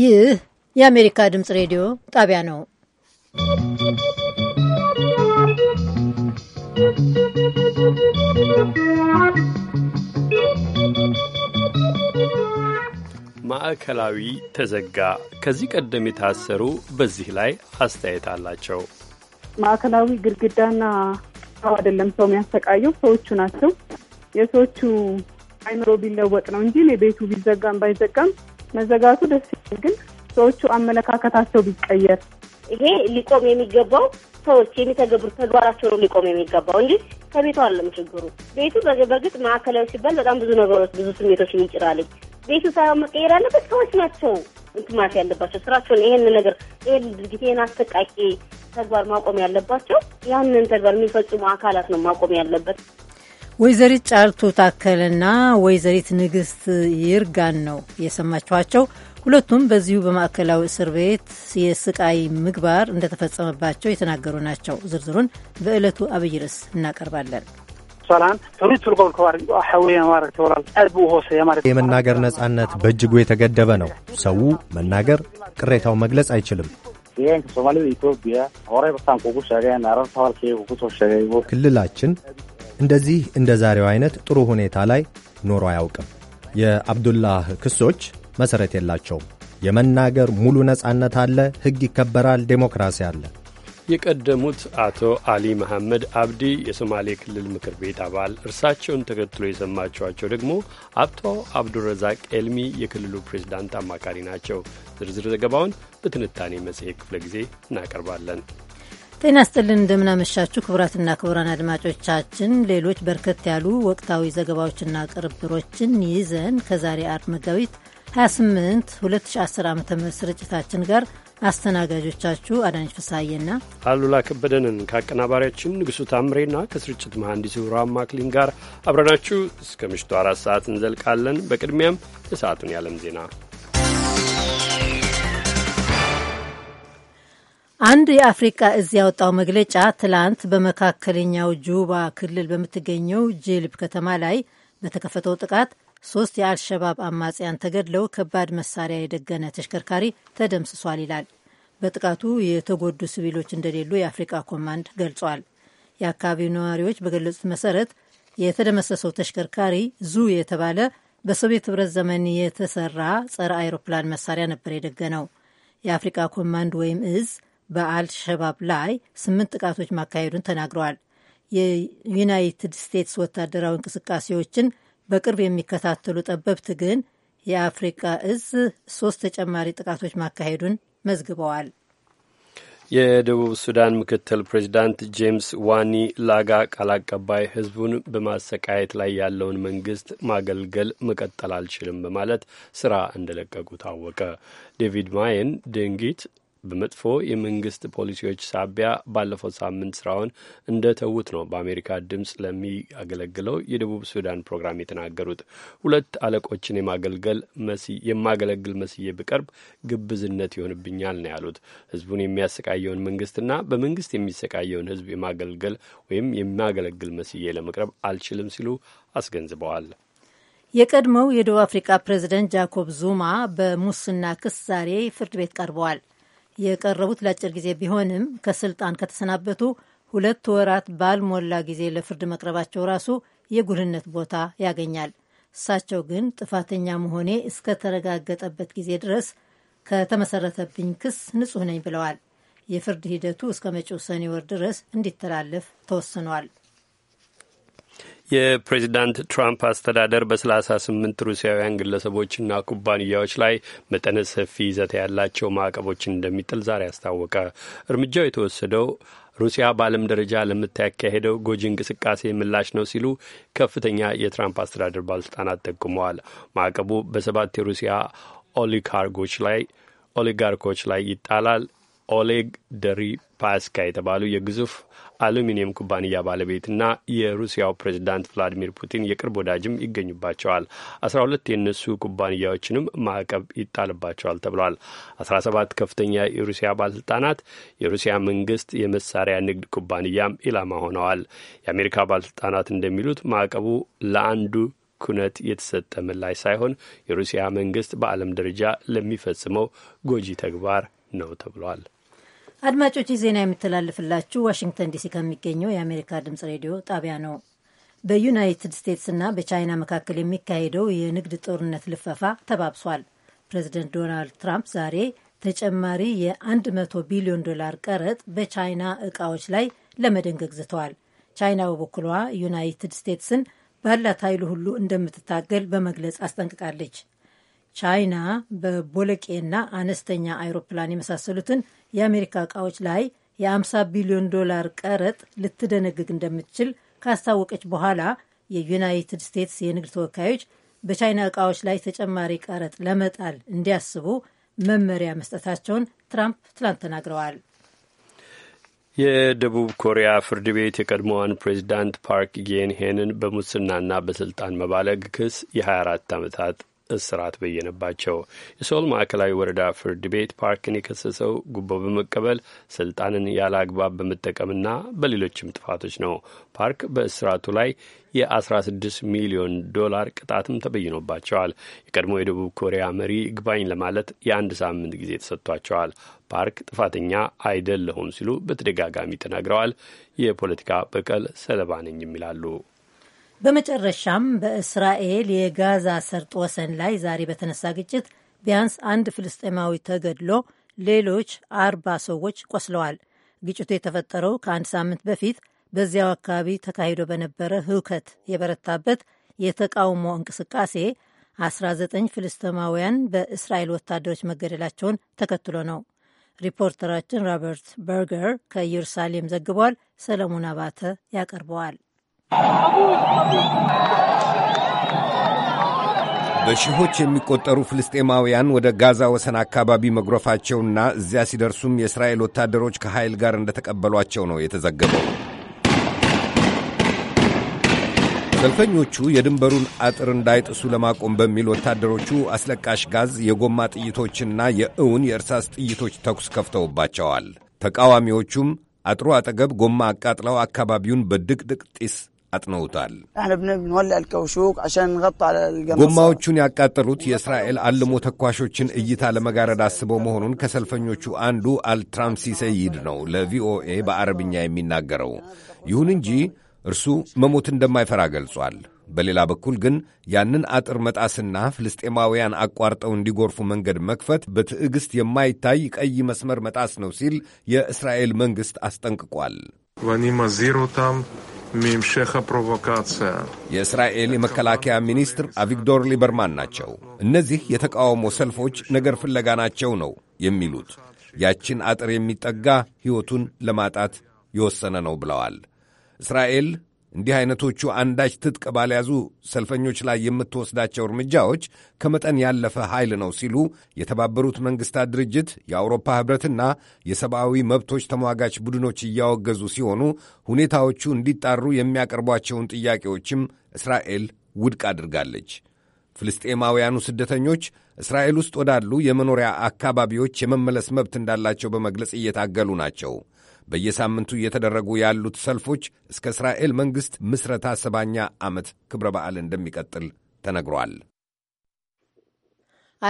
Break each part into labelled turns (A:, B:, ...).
A: ይህ የአሜሪካ ድምፅ ሬዲዮ ጣቢያ ነው።
B: ማዕከላዊ ተዘጋ። ከዚህ ቀደም የታሰሩ በዚህ ላይ አስተያየት አላቸው።
C: ማዕከላዊ ግድግዳና ሰው አይደለም ሰው የሚያሰቃየው ሰዎቹ ናቸው። የሰዎቹ አይምሮ ቢለወጥ ነው እንጂ ቤቱ ቢዘጋም ባይዘጋም መዘጋቱ ደስ ይል ግን ሰዎቹ አመለካከታቸው ቢቀየር
D: ይሄ ሊቆም የሚገባው ሰዎች የሚተገብሩት ተግባራቸው ነው ሊቆም የሚገባው እንጂ ከቤቱ አለም ችግሩ። ቤቱ በእርግጥ ማዕከላዊ ሲባል በጣም ብዙ ነገሮች ብዙ ስሜቶች ይጭራልኝ። ቤቱ ሳይሆን መቀየር ያለበት ሰዎች ናቸው እንትማት ያለባቸው ስራቸውን ይሄን ነገር ይሄን ድርጊት ይሄን አሰቃቂ ተግባር ማቆም ያለባቸው ያንን ተግባር የሚፈጽሙ አካላት ነው ማቆም ያለበት።
A: ወይዘሪት ጫልቱ ታከልና ወይዘሪት ንግስት ይርጋን ነው የሰማችኋቸው። ሁለቱም በዚሁ በማዕከላዊ እስር ቤት የስቃይ ምግባር እንደተፈጸመባቸው የተናገሩ ናቸው። ዝርዝሩን በዕለቱ አብይ ርዕስ እናቀርባለን።
E: የመናገር ነጻነት በእጅጉ የተገደበ ነው። ሰው መናገር፣ ቅሬታው መግለጽ አይችልም። ክልላችን እንደዚህ እንደ ዛሬው አይነት ጥሩ ሁኔታ ላይ ኖሮ አያውቅም። የአብዱላህ ክሶች መሠረት የላቸውም። የመናገር ሙሉ ነጻነት አለ፣ ሕግ ይከበራል፣ ዴሞክራሲ አለ።
B: የቀደሙት አቶ አሊ መሐመድ አብዲ የሶማሌ ክልል ምክር ቤት አባል፣ እርሳቸውን ተከትሎ የሰማችኋቸው ደግሞ አቶ አብዱረዛቅ ኤልሚ የክልሉ ፕሬዝዳንት አማካሪ ናቸው። ዝርዝር ዘገባውን በትንታኔ መጽሔት ክፍለ ጊዜ እናቀርባለን።
A: ጤና ስጥልን እንደምናመሻችሁ ክቡራትና ክቡራን አድማጮቻችን ሌሎች በርከት ያሉ ወቅታዊ ዘገባዎችና ቅርብሮችን ይዘን ከዛሬ አርብ መጋቢት 28 2010 ዓ ም ስርጭታችን ጋር አስተናጋጆቻችሁ አዳነች ፍሳዬና
B: አሉላ ከበደንን ከአቀናባሪያችን ንጉሡ ታምሬና ከስርጭት መሐንዲሱ ብርሃን ማክሊን ጋር አብረናችሁ እስከ ምሽቱ አራት ሰዓት እንዘልቃለን። በቅድሚያም የሰዓቱን የዓለም ዜና
A: አንድ የአፍሪቃ እዝ ያወጣው መግለጫ ትላንት በመካከለኛው ጁባ ክልል በምትገኘው ጅልብ ከተማ ላይ በተከፈተው ጥቃት ሶስት የአልሸባብ አማጽያን ተገድለው ከባድ መሳሪያ የደገነ ተሽከርካሪ ተደምስሷል ይላል። በጥቃቱ የተጎዱ ሲቪሎች እንደሌሉ የአፍሪቃ ኮማንድ ገልጿል። የአካባቢው ነዋሪዎች በገለጹት መሰረት የተደመሰሰው ተሽከርካሪ ዙ የተባለ በሶቪየት ህብረት ዘመን የተሰራ ጸረ አውሮፕላን መሳሪያ ነበር የደገነው። የአፍሪቃ ኮማንድ ወይም እዝ በአልሸባብ ላይ ስምንት ጥቃቶች ማካሄዱን ተናግረዋል። የዩናይትድ ስቴትስ ወታደራዊ እንቅስቃሴዎችን በቅርብ የሚከታተሉ ጠበብት ግን የአፍሪቃ እዝ ሶስት ተጨማሪ ጥቃቶች ማካሄዱን መዝግበዋል።
B: የደቡብ ሱዳን ምክትል ፕሬዚዳንት ጄምስ ዋኒ ላጋ ቃል አቀባይ ህዝቡን በማሰቃየት ላይ ያለውን መንግስት ማገልገል መቀጠል አልችልም በማለት ስራ እንደለቀቁ ታወቀ። ዴቪድ ማየን ድንጊት በመጥፎ የመንግስት ፖሊሲዎች ሳቢያ ባለፈው ሳምንት ስራውን እንደ ተዉት ነው በአሜሪካ ድምፅ ለሚያገለግለው የደቡብ ሱዳን ፕሮግራም የተናገሩት። ሁለት አለቆችን የማገልገል የማገለግል መስዬ ብቀርብ ግብዝነት ይሆንብኛል ነው ያሉት። ህዝቡን የሚያሰቃየውን መንግስትና በመንግስት የሚሰቃየውን ህዝብ የማገልገል ወይም የሚያገለግል መስዬ ለመቅረብ አልችልም ሲሉ አስገንዝበዋል።
A: የቀድሞው የደቡብ አፍሪካ ፕሬዚደንት ጃኮብ ዙማ በሙስና ክስ ዛሬ ፍርድ ቤት ቀርበዋል። የቀረቡት ለአጭር ጊዜ ቢሆንም ከስልጣን ከተሰናበቱ ሁለት ወራት ባልሞላ ጊዜ ለፍርድ መቅረባቸው ራሱ የጉልህነት ቦታ ያገኛል። እሳቸው ግን ጥፋተኛ መሆኔ እስከተረጋገጠበት ጊዜ ድረስ ከተመሰረተብኝ ክስ ንጹህ ነኝ ብለዋል። የፍርድ ሂደቱ እስከ መጪው ሰኔ ወር ድረስ እንዲተላለፍ ተወስኗል።
B: የፕሬዚዳንት ትራምፕ አስተዳደር በሰላሳ ስምንት ሩሲያውያን ግለሰቦችና ኩባንያዎች ላይ መጠነ ሰፊ ይዘት ያላቸው ማዕቀቦችን እንደሚጥል ዛሬ አስታወቀ። እርምጃው የተወሰደው ሩሲያ በዓለም ደረጃ ለምታካሄደው ጎጂ እንቅስቃሴ ምላሽ ነው ሲሉ ከፍተኛ የትራምፕ አስተዳደር ባለስልጣናት ጠቁመዋል። ማዕቀቡ በሰባት የሩሲያ ኦሊጋርኮች ላይ ኦሊጋርኮች ላይ ይጣላል። ኦሌግ ደሪፓስካ የተባሉ የግዙፍ አሉሚኒየም ኩባንያ ባለቤትና የሩሲያው ፕሬዚዳንት ቭላዲሚር ፑቲን የቅርብ ወዳጅም ይገኙባቸዋል። አስራ ሁለት የእነሱ ኩባንያዎችንም ማዕቀብ ይጣልባቸዋል ተብሏል። አስራ ሰባት ከፍተኛ የሩሲያ ባለስልጣናት የሩሲያ መንግስት የመሳሪያ ንግድ ኩባንያም ኢላማ ሆነዋል። የአሜሪካ ባለስልጣናት እንደሚሉት ማዕቀቡ ለአንዱ ኩነት የተሰጠ ምላሽ ሳይሆን የሩሲያ መንግስት በዓለም ደረጃ ለሚፈጽመው ጎጂ ተግባር ነው ተብሏል።
A: አድማጮች ዜና የሚተላለፍላችሁ ዋሽንግተን ዲሲ ከሚገኘው የአሜሪካ ድምጽ ሬዲዮ ጣቢያ ነው። በዩናይትድ ስቴትስና በቻይና መካከል የሚካሄደው የንግድ ጦርነት ልፈፋ ተባብሷል። ፕሬዚደንት ዶናልድ ትራምፕ ዛሬ ተጨማሪ የ100 ቢሊዮን ዶላር ቀረጥ በቻይና እቃዎች ላይ ለመደንገግ ዝተዋል። ቻይና በበኩሏ ዩናይትድ ስቴትስን ባላት ኃይሉ ሁሉ እንደምትታገል በመግለጽ አስጠንቅቃለች። ቻይና በቦለቄና አነስተኛ አይሮፕላን የመሳሰሉትን የአሜሪካ እቃዎች ላይ የ50 ቢሊዮን ዶላር ቀረጥ ልትደነግግ እንደምትችል ካስታወቀች በኋላ የዩናይትድ ስቴትስ የንግድ ተወካዮች በቻይና እቃዎች ላይ ተጨማሪ ቀረጥ ለመጣል እንዲያስቡ መመሪያ መስጠታቸውን ትራምፕ ትላንት ተናግረዋል።
B: የደቡብ ኮሪያ ፍርድ ቤት የቀድሞዋን ፕሬዚዳንት ፓርክ ጌንሄንን በሙስናና በስልጣን መባለግ ክስ የ24 ዓመታት እስራት በየነባቸው። የሶል ማዕከላዊ ወረዳ ፍርድ ቤት ፓርክን የከሰሰው ጉቦ በመቀበል ስልጣንን ያለ አግባብ በመጠቀምና በሌሎችም ጥፋቶች ነው። ፓርክ በእስራቱ ላይ የ16 ሚሊዮን ዶላር ቅጣትም ተበይኖባቸዋል። የቀድሞ የደቡብ ኮሪያ መሪ ግባኝ ለማለት የአንድ ሳምንት ጊዜ ተሰጥቷቸዋል። ፓርክ ጥፋተኛ አይደለሁም ሲሉ በተደጋጋሚ ተናግረዋል። የፖለቲካ በቀል ሰለባ ነኝ የሚላሉ
A: በመጨረሻም በእስራኤል የጋዛ ሰርጥ ወሰን ላይ ዛሬ በተነሳ ግጭት ቢያንስ አንድ ፍልስጤማዊ ተገድሎ ሌሎች አርባ ሰዎች ቆስለዋል። ግጭቱ የተፈጠረው ከአንድ ሳምንት በፊት በዚያው አካባቢ ተካሂዶ በነበረ ህውከት የበረታበት የተቃውሞ እንቅስቃሴ 19 ፍልስጤማውያን በእስራኤል ወታደሮች መገደላቸውን ተከትሎ ነው። ሪፖርተራችን ሮበርት በርገር ከኢየሩሳሌም ዘግቧል። ሰለሞን አባተ ያቀርበዋል።
F: በሺሆች የሚቆጠሩ ፍልስጤማውያን ወደ ጋዛ ወሰን አካባቢ መጉረፋቸውና እዚያ ሲደርሱም የእስራኤል ወታደሮች ከኃይል ጋር እንደተቀበሏቸው ነው የተዘገበው። ሰልፈኞቹ የድንበሩን አጥር እንዳይጥሱ ለማቆም በሚል ወታደሮቹ አስለቃሽ ጋዝ፣ የጎማ ጥይቶችና የእውን የእርሳስ ጥይቶች ተኩስ ከፍተውባቸዋል። ተቃዋሚዎቹም አጥሩ አጠገብ ጎማ አቃጥለው አካባቢውን በድቅድቅ ጢስ አጥነውታል። ጎማዎቹን ያቃጠሉት የእስራኤል አልሞ ተኳሾችን እይታ ለመጋረድ አስበው መሆኑን ከሰልፈኞቹ አንዱ አልትራምሲ ሰይድ ነው ለቪኦኤ በአረብኛ የሚናገረው። ይሁን እንጂ እርሱ መሞት እንደማይፈራ ገልጿል። በሌላ በኩል ግን ያንን አጥር መጣስና ፍልስጤማውያን አቋርጠው እንዲጎርፉ መንገድ መክፈት በትዕግሥት የማይታይ ቀይ መስመር መጣስ ነው ሲል የእስራኤል መንግሥት አስጠንቅቋል። የእስራኤል የመከላከያ ሚኒስትር አቪግዶር ሊበርማን ናቸው። እነዚህ የተቃውሞ ሰልፎች ነገር ፍለጋ ናቸው ነው የሚሉት። ያችን አጥር የሚጠጋ ሕይወቱን ለማጣት የወሰነ ነው ብለዋል። እስራኤል እንዲህ አይነቶቹ አንዳች ትጥቅ ባልያዙ ሰልፈኞች ላይ የምትወስዳቸው እርምጃዎች ከመጠን ያለፈ ኃይል ነው ሲሉ የተባበሩት መንግሥታት ድርጅት የአውሮፓ ኅብረትና የሰብአዊ መብቶች ተሟጋች ቡድኖች እያወገዙ ሲሆኑ ሁኔታዎቹ እንዲጣሩ የሚያቀርቧቸውን ጥያቄዎችም እስራኤል ውድቅ አድርጋለች። ፍልስጤማውያኑ ስደተኞች እስራኤል ውስጥ ወዳሉ የመኖሪያ አካባቢዎች የመመለስ መብት እንዳላቸው በመግለጽ እየታገሉ ናቸው። በየሳምንቱ እየተደረጉ ያሉት ሰልፎች እስከ እስራኤል መንግሥት ምስረታ ሰባኛ ዓመት ክብረ በዓል እንደሚቀጥል ተነግሯል።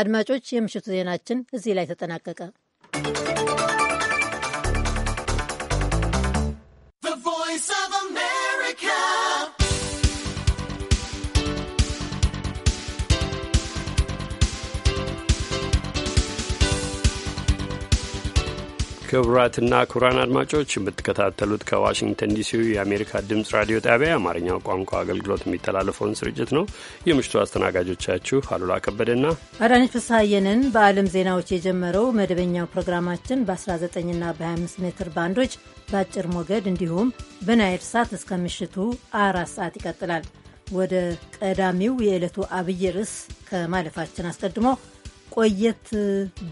A: አድማጮች፣ የምሽቱ ዜናችን እዚህ ላይ ተጠናቀቀ።
G: ቮይስ
H: ኦፍ አሜሪካ
B: ክቡራትና ክቡራን አድማጮች የምትከታተሉት ከዋሽንግተን ዲሲ የአሜሪካ ድምፅ ራዲዮ ጣቢያ የአማርኛ ቋንቋ አገልግሎት የሚተላለፈውን ስርጭት ነው። የምሽቱ አስተናጋጆቻችሁ አሉላ ከበደና
A: አዳነች ፍስሐየንን በዓለም ዜናዎች የጀመረው መደበኛው ፕሮግራማችን በ19ና በ25 ሜትር ባንዶች በአጭር ሞገድ እንዲሁም በናይል ሳት እስከ ምሽቱ አራት ሰዓት ይቀጥላል። ወደ ቀዳሚው የዕለቱ አብይ ርዕስ ከማለፋችን አስቀድሞ ቆየት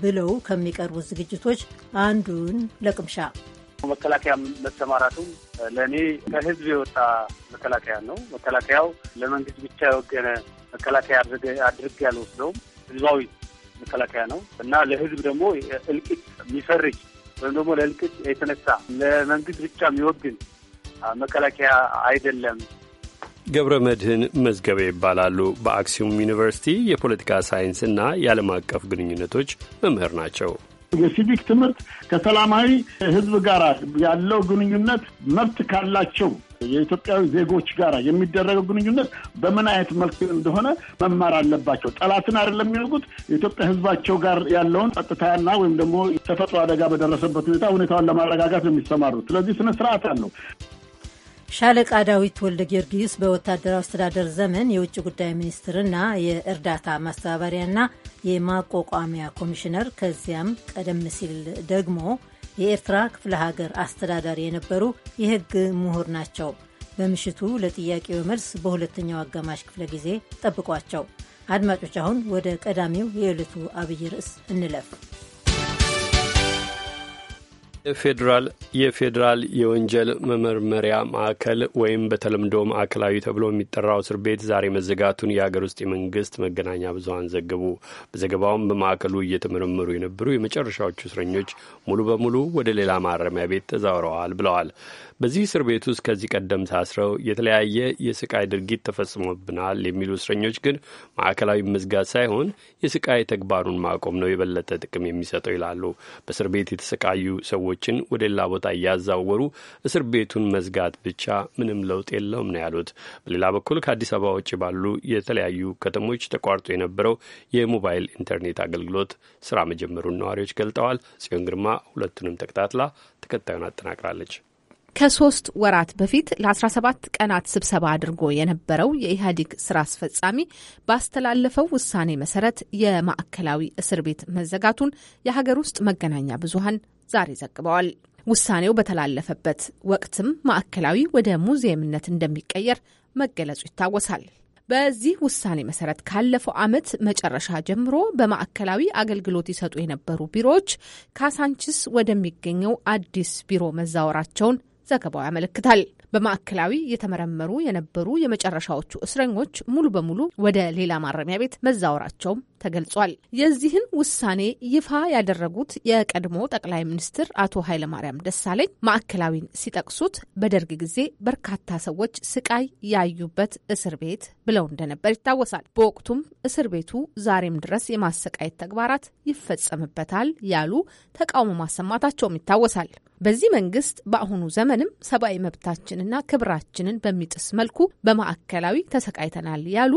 A: ብለው ከሚቀርቡት ዝግጅቶች አንዱን ለቅምሻ
I: መከላከያ መሰማራቱ ለእኔ ከህዝብ የወጣ መከላከያ ነው። መከላከያው ለመንግስት ብቻ የወገነ መከላከያ አድርግ ያልወስደውም ህዝባዊ መከላከያ ነው እና ለህዝብ ደግሞ እልቂት የሚፈርጅ ወይም ደግሞ ለእልቂት የተነሳ ለመንግስት ብቻ የሚወግን መከላከያ አይደለም
B: ገብረ መድህን መዝገበ ይባላሉ። በአክሱም ዩኒቨርሲቲ የፖለቲካ ሳይንስና የዓለም አቀፍ ግንኙነቶች መምህር ናቸው።
J: የሲቪክ ትምህርት ከሰላማዊ ሕዝብ ጋር ያለው ግንኙነት መብት ካላቸው የኢትዮጵያዊ ዜጎች ጋር የሚደረገው ግንኙነት በምን አይነት መልክ እንደሆነ መማር አለባቸው። ጠላትን አይደለም የሚወጉት የኢትዮጵያ ሕዝባቸው ጋር ያለውን ጸጥታና ወይም ደግሞ ተፈጥሮ አደጋ በደረሰበት ሁኔታ ሁኔታውን ለማረጋጋት ነው የሚሰማሩት። ስለዚህ ስነ ስርዓት አለው።
A: ሻለቃ ዳዊት ወልደ ጊዮርጊስ በወታደራዊ አስተዳደር ዘመን የውጭ ጉዳይ ሚኒስትርና የእርዳታ ማስተባበሪያና የማቋቋሚያ ኮሚሽነር ከዚያም ቀደም ሲል ደግሞ የኤርትራ ክፍለ ሀገር አስተዳዳሪ የነበሩ የሕግ ምሁር ናቸው። በምሽቱ ለጥያቄው መልስ በሁለተኛው አጋማሽ ክፍለ ጊዜ ጠብቋቸው። አድማጮች፣ አሁን ወደ ቀዳሚው የዕለቱ አብይ ርዕስ እንለፍ።
B: የፌዴራል የፌዴራል የወንጀል መመርመሪያ ማዕከል ወይም በተለምዶ ማዕከላዊ ተብሎ የሚጠራው እስር ቤት ዛሬ መዘጋቱን የሀገር ውስጥ የመንግስት መገናኛ ብዙኃን ዘግቡ በዘገባውም በማዕከሉ እየተመረመሩ የነበሩ የመጨረሻዎቹ እስረኞች ሙሉ በሙሉ ወደ ሌላ ማረሚያ ቤት ተዛውረዋል ብለዋል። በዚህ እስር ቤት ውስጥ ከዚህ ቀደም ታስረው የተለያየ የስቃይ ድርጊት ተፈጽሞብናል የሚሉ እስረኞች ግን ማዕከላዊ መዝጋት ሳይሆን የስቃይ ተግባሩን ማቆም ነው የበለጠ ጥቅም የሚሰጠው ይላሉ። በእስር ቤት የተሰቃዩ ሰዎችን ወደ ሌላ ቦታ እያዛወሩ እስር ቤቱን መዝጋት ብቻ ምንም ለውጥ የለውም ነው ያሉት። በሌላ በኩል ከአዲስ አበባ ውጭ ባሉ የተለያዩ ከተሞች ተቋርጦ የነበረው የሞባይል ኢንተርኔት አገልግሎት ስራ መጀመሩን ነዋሪዎች ገልጠዋል። ጽዮን ግርማ ሁለቱንም ተከታትላ ተከታዩን አጠናቅራለች።
G: ከሶስት ወራት በፊት ለ17 ቀናት ስብሰባ አድርጎ የነበረው የኢህአዴግ ስራ አስፈጻሚ ባስተላለፈው ውሳኔ መሰረት የማዕከላዊ እስር ቤት መዘጋቱን የሀገር ውስጥ መገናኛ ብዙሃን ዛሬ ዘግበዋል። ውሳኔው በተላለፈበት ወቅትም ማዕከላዊ ወደ ሙዚየምነት እንደሚቀየር መገለጹ ይታወሳል። በዚህ ውሳኔ መሰረት ካለፈው ዓመት መጨረሻ ጀምሮ በማዕከላዊ አገልግሎት ይሰጡ የነበሩ ቢሮዎች ካሳንችስ ወደሚገኘው አዲስ ቢሮ መዛወራቸውን ዘገባው ያመለክታል። በማዕከላዊ የተመረመሩ የነበሩ የመጨረሻዎቹ እስረኞች ሙሉ በሙሉ ወደ ሌላ ማረሚያ ቤት መዛወራቸውም ተገልጿል። የዚህን ውሳኔ ይፋ ያደረጉት የቀድሞ ጠቅላይ ሚኒስትር አቶ ኃይለማርያም ደሳለኝ ማዕከላዊን ሲጠቅሱት በደርግ ጊዜ በርካታ ሰዎች ስቃይ ያዩበት እስር ቤት ብለው እንደነበር ይታወሳል። በወቅቱም እስር ቤቱ ዛሬም ድረስ የማሰቃየት ተግባራት ይፈጸምበታል ያሉ ተቃውሞ ማሰማታቸውም ይታወሳል። በዚህ መንግስት በአሁኑ ዘመንም ሰብአዊ መብታችንና ክብራችንን በሚጥስ መልኩ በማዕከላዊ ተሰቃይተናል ያሉ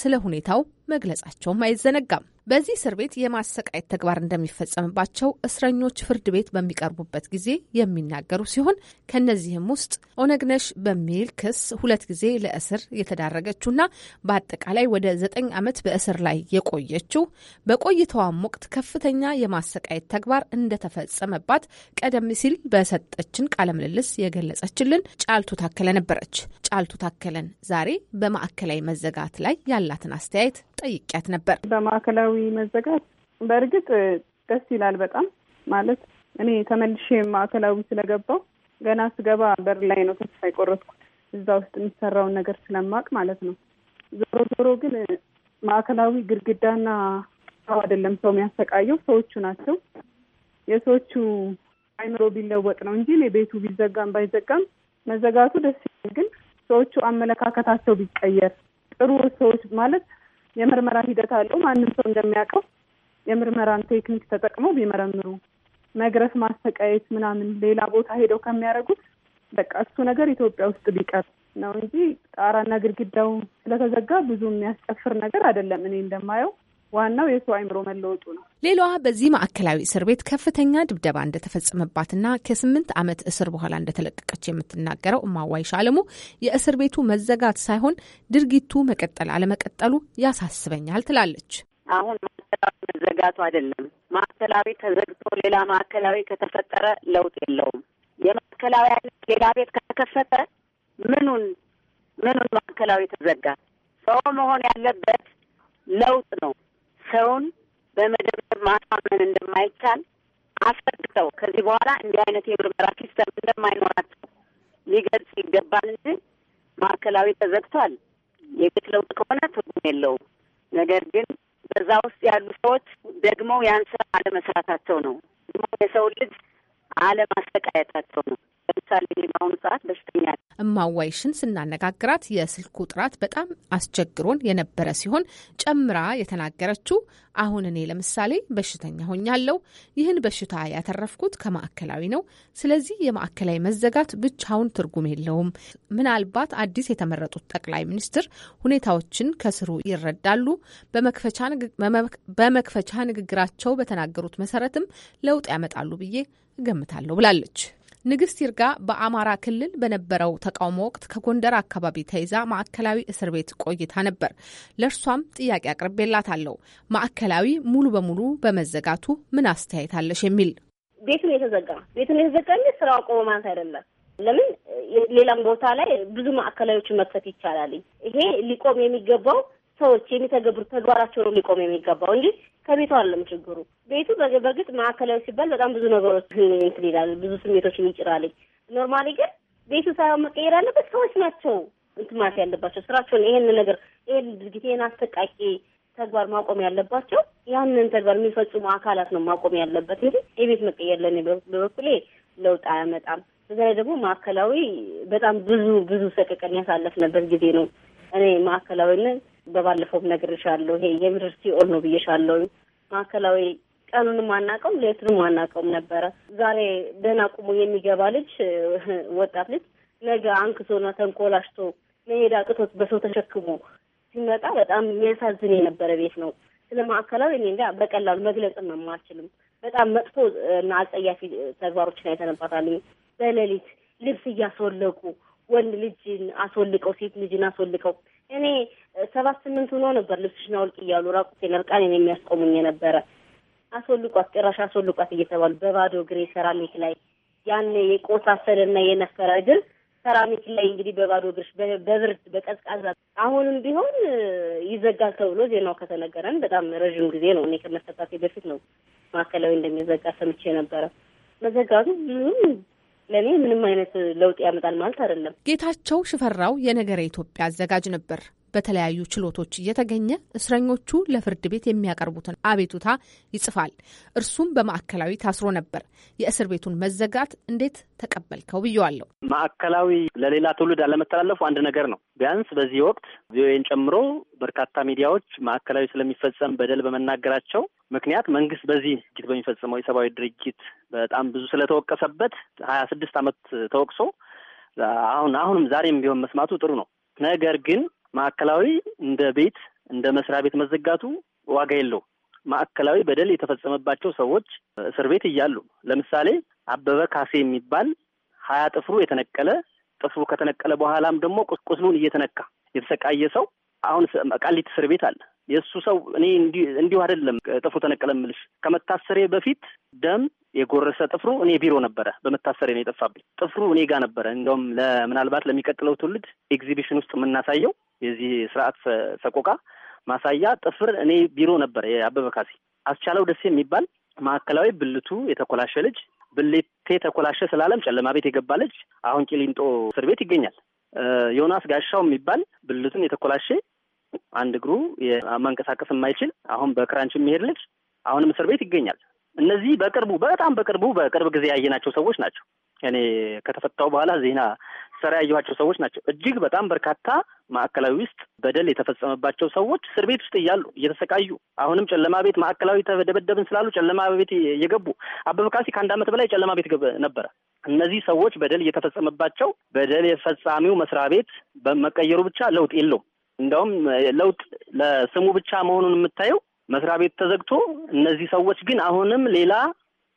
G: ስለ ሁኔታው መግለጻቸውም አይዘነጋም። በዚህ እስር ቤት የማሰቃየት ተግባር እንደሚፈጸምባቸው እስረኞች ፍርድ ቤት በሚቀርቡበት ጊዜ የሚናገሩ ሲሆን ከእነዚህም ውስጥ ኦነግነሽ በሚል ክስ ሁለት ጊዜ ለእስር የተዳረገችውና በአጠቃላይ ወደ ዘጠኝ ዓመት በእስር ላይ የቆየችው በቆይታዋም ወቅት ከፍተኛ የማሰቃየት ተግባር እንደተፈጸመባት ቀደም ሲል በሰጠችን ቃለምልልስ የገለጸችልን ጫልቱ ታከለ ነበረች። ጫልቱ ታከለን ዛሬ በማዕከላዊ መዘጋት ላይ ያላትን አስተያየት ጠይቂያት ነበር። በማዕከላዊ ጊዜያዊ መዘጋት በእርግጥ ደስ ይላል በጣም
C: ማለት እኔ ተመልሼ ማዕከላዊ ስለገባው ገና ስገባ በር ላይ ነው ተስፋ የቆረጥኩት እዛ ውስጥ የሚሰራውን ነገር ስለማቅ ማለት ነው። ዞሮ ዞሮ ግን ማዕከላዊ ግድግዳና ሰው አይደለም ሰው የሚያሰቃየው ሰዎቹ ናቸው። የሰዎቹ አይምሮ ቢለወጥ ነው እንጂ እኔ ቤቱ ቢዘጋም ባይዘጋም መዘጋቱ ደስ ይላል። ግን ሰዎቹ አመለካከታቸው ቢቀየር ጥሩ ሰዎች ማለት የምርመራ ሂደት አለው። ማንም ሰው እንደሚያውቀው የምርመራን ቴክኒክ ተጠቅመው ቢመረምሩ መግረፍ፣ ማሰቃየት ምናምን ሌላ ቦታ ሄደው ከሚያደርጉት በቃ እሱ ነገር ኢትዮጵያ ውስጥ ቢቀር ነው እንጂ ጣራና ግድግዳው ስለተዘጋ ብዙ የሚያስጨፍር ነገር አይደለም። እኔ እንደማየው ዋናው የሰው አይምሮ መለወጡ ነው።
G: ሌላዋ በዚህ ማዕከላዊ እስር ቤት ከፍተኛ ድብደባ እንደተፈጸመባትና ከስምንት ዓመት እስር በኋላ እንደተለቀቀች የምትናገረው እማዋይሻ አለሙ የእስር ቤቱ መዘጋት ሳይሆን ድርጊቱ መቀጠል አለመቀጠሉ ያሳስበኛል ትላለች።
D: አሁን ማዕከላዊ መዘጋቱ አይደለም። ማዕከላዊ ተዘግቶ ሌላ ማዕከላዊ ከተፈጠረ ለውጥ የለውም። የማዕከላዊ አይነት ሌላ ቤት ከተከፈተ ምኑን ምኑን ማዕከላዊ ተዘጋ? ሰው መሆን ያለበት ለውጥ ነው። ሰውን በመደብደብ ማሳመን እንደማይቻል አስረድተው ከዚህ በኋላ እንዲህ አይነት የምርመራ ሲስተም እንደማይኖራቸው ሊገልጽ ይገባል እንጂ ማዕከላዊ ተዘግቷል የቤት ለውጥ ከሆነ ትርጉም የለውም። ነገር ግን በዛ ውስጥ ያሉ ሰዎች ደግሞ ያን ስራ አለመስራታቸው ነው። ደግሞ የሰው ልጅ
G: አለማሰቃየታቸው ነው። ለምሳሌ በአሁኑ ሰዓት በሽተኛ እማዋይሽን ስናነጋግራት የስልኩ ጥራት በጣም አስቸግሮን የነበረ ሲሆን ጨምራ የተናገረችው አሁን እኔ ለምሳሌ በሽተኛ ሆኛለሁ። ይህን በሽታ ያተረፍኩት ከማዕከላዊ ነው። ስለዚህ የማዕከላዊ መዘጋት ብቻውን ትርጉም የለውም። ምናልባት አዲስ የተመረጡት ጠቅላይ ሚኒስትር ሁኔታዎችን ከስሩ ይረዳሉ። በመክፈቻ ንግግራቸው በተናገሩት መሰረትም ለውጥ ያመጣሉ ብዬ እገምታለሁ ብላለች። ንግስት ይርጋ በአማራ ክልል በነበረው ተቃውሞ ወቅት ከጎንደር አካባቢ ተይዛ ማዕከላዊ እስር ቤት ቆይታ ነበር። ለእርሷም ጥያቄ አቅርቤላታለሁ። ማዕከላዊ ሙሉ በሙሉ በመዘጋቱ ምን አስተያየት አለሽ? የሚል
D: ቤቱ ነው የተዘጋ። ቤቱ ነው የተዘጋ እንጂ ስራው ቆሞ ማለት አይደለም። ለምን ሌላም ቦታ ላይ ብዙ ማዕከላዊዎችን መክፈት ይቻላል። ይሄ ሊቆም የሚገባው ሰዎች የሚተገብሩት ተግባራቸው ነው ሊቆም የሚገባው እንጂ ከቤቱ አለም ችግሩ ቤቱ በግጥ ማዕከላዊ ሲባል በጣም ብዙ ነገሮች እንትን ይላል፣ ብዙ ስሜቶች ይጭራልኝ። ኖርማሊ ግን ቤቱ ሳይሆን መቀየር ያለበት ሰዎች ናቸው እንትን ማለት ያለባቸው ስራቸውን፣ ይሄን ነገር ይሄን ድርጊት ይሄን አስጠቃቂ ተግባር ማቆም ያለባቸው ያንን ተግባር የሚፈጽሙ አካላት ነው ማቆም ያለበት እንጂ የቤት መቀየር ለእኔ በበኩሌ ለውጥ አያመጣም። በዛ ላይ ደግሞ ማዕከላዊ በጣም ብዙ ብዙ ሰቀቀን ያሳለፍንበት ጊዜ ነው። እኔ ማዕከላዊነት በባለፈውም ነግሬሻለሁ። ይሄ የምድር ኦል ነው ብዬሻለሁ። ማዕከላዊ ቀኑንም አናውቀውም፣ ሌቱንም አናውቀውም ነበረ። ዛሬ ደህና ቁሞ የሚገባ ልጅ ወጣት ልጅ ነገ አንክሶና ተንኮላሽቶ መሄድ አቅቶት በሰው ተሸክሞ ሲመጣ በጣም የሚያሳዝን የነበረ ቤት ነው። ስለ ማዕከላዊ እኔ እንጃ በቀላሉ መግለጽም አልችልም። በጣም መጥፎ እና አጸያፊ ተግባሮችን አይተነባታል። በሌሊት ልብስ እያስወለቁ ወንድ ልጅን አስወልቀው ሴት ልጅን አስወልቀው እኔ ሰባት ስምንት ሆኖ ነበር ልብስሽን አውልቅ እያሉ ራቁቴን እርቃኔን የሚያስቆሙኝ የነበረ። አስወልቋት ጭራሽ አስወልቋት እየተባሉ በባዶ እግሬ ሰራሚክ ላይ ያን የቆሳሰለና የነፈረ እግር ሰራሚክ ላይ እንግዲህ በባዶ እግርሽ በብርድ በቀዝቃዛ አሁንም ቢሆን ይዘጋል ተብሎ ዜናው ከተነገረን በጣም ረዥም ጊዜ ነው። እኔ ከመሰጣቴ በፊት ነው ማዕከላዊ እንደሚዘጋ ሰምቼ ነበረ። መዘጋቱ ብዙም ለእኔ ምንም አይነት ለውጥ ያመጣል ማለት አይደለም።
G: ጌታቸው ሽፈራው የነገረ ኢትዮጵያ አዘጋጅ ነበር። በተለያዩ ችሎቶች እየተገኘ እስረኞቹ ለፍርድ ቤት የሚያቀርቡትን አቤቱታ ይጽፋል። እርሱም በማዕከላዊ ታስሮ ነበር። የእስር ቤቱን መዘጋት እንዴት ተቀበልከው ብየዋለሁ።
H: ማዕከላዊ ለሌላ ትውልድ አለመተላለፉ አንድ ነገር ነው። ቢያንስ በዚህ ወቅት ቪኦኤን ጨምሮ በርካታ ሚዲያዎች ማዕከላዊ ስለሚፈጸም በደል በመናገራቸው ምክንያት መንግስት በዚህ ድርጅት በሚፈጽመው የሰብአዊ ድርጅት በጣም ብዙ ስለተወቀሰበት ሀያ ስድስት ዓመት ተወቅሶ አሁን አሁንም ዛሬም ቢሆን መስማቱ ጥሩ ነው። ነገር ግን ማዕከላዊ እንደ ቤት እንደ መስሪያ ቤት መዘጋቱ ዋጋ የለው። ማዕከላዊ በደል የተፈጸመባቸው ሰዎች እስር ቤት እያሉ ለምሳሌ አበበ ካሴ የሚባል ሀያ ጥፍሩ የተነቀለ ጥፍሩ ከተነቀለ በኋላም ደግሞ ቁስቁስሉን እየተነካ የተሰቃየ ሰው አሁን ቃሊት እስር ቤት አለ። የእሱ ሰው እኔ እንዲሁ አይደለም ጥፍሩ ተነቀለ ምልሽ ከመታሰሬ በፊት ደም የጎረሰ ጥፍሩ እኔ ቢሮ ነበረ። በመታሰሬ ነው የጠፋብኝ ጥፍሩ እኔ ጋር ነበረ። እንደውም ለምናልባት ለሚቀጥለው ትውልድ ኤግዚቢሽን ውስጥ የምናሳየው የዚህ ስርዓት ሰቆቃ ማሳያ ጥፍር እኔ ቢሮ ነበር የአበበ ካሴ አስቻለው ደሴ የሚባል ማዕከላዊ ብልቱ የተኮላሸ ልጅ ብልቴ ተኮላሸ ስላለም ጨለማ ቤት የገባ ልጅ አሁን ቂሊንጦ እስር ቤት ይገኛል። ዮናስ ጋሻው የሚባል ብልቱን የተኮላሸ አንድ እግሩ መንቀሳቀስ የማይችል አሁን በክራንች የሚሄድ ልጅ አሁንም እስር ቤት ይገኛል። እነዚህ በቅርቡ በጣም በቅርቡ በቅርብ ጊዜ ያየናቸው ሰዎች ናቸው። እኔ ከተፈታው በኋላ ዜና ስራ ያየኋቸው ሰዎች ናቸው። እጅግ በጣም በርካታ ማዕከላዊ ውስጥ በደል የተፈጸመባቸው ሰዎች እስር ቤት ውስጥ እያሉ እየተሰቃዩ አሁንም ጨለማ ቤት ማዕከላዊ ተደበደብን ስላሉ ጨለማ ቤት የገቡ አበበ ከአንድ አመት በላይ ጨለማ ቤት ነበረ። እነዚህ ሰዎች በደል እየተፈጸመባቸው በደል የፈጻሚው መስሪያ ቤት በመቀየሩ ብቻ ለውጥ የለውም። እንደውም ለውጥ ለስሙ ብቻ መሆኑን የምታየው መስሪያ ቤት ተዘግቶ፣ እነዚህ ሰዎች ግን አሁንም ሌላ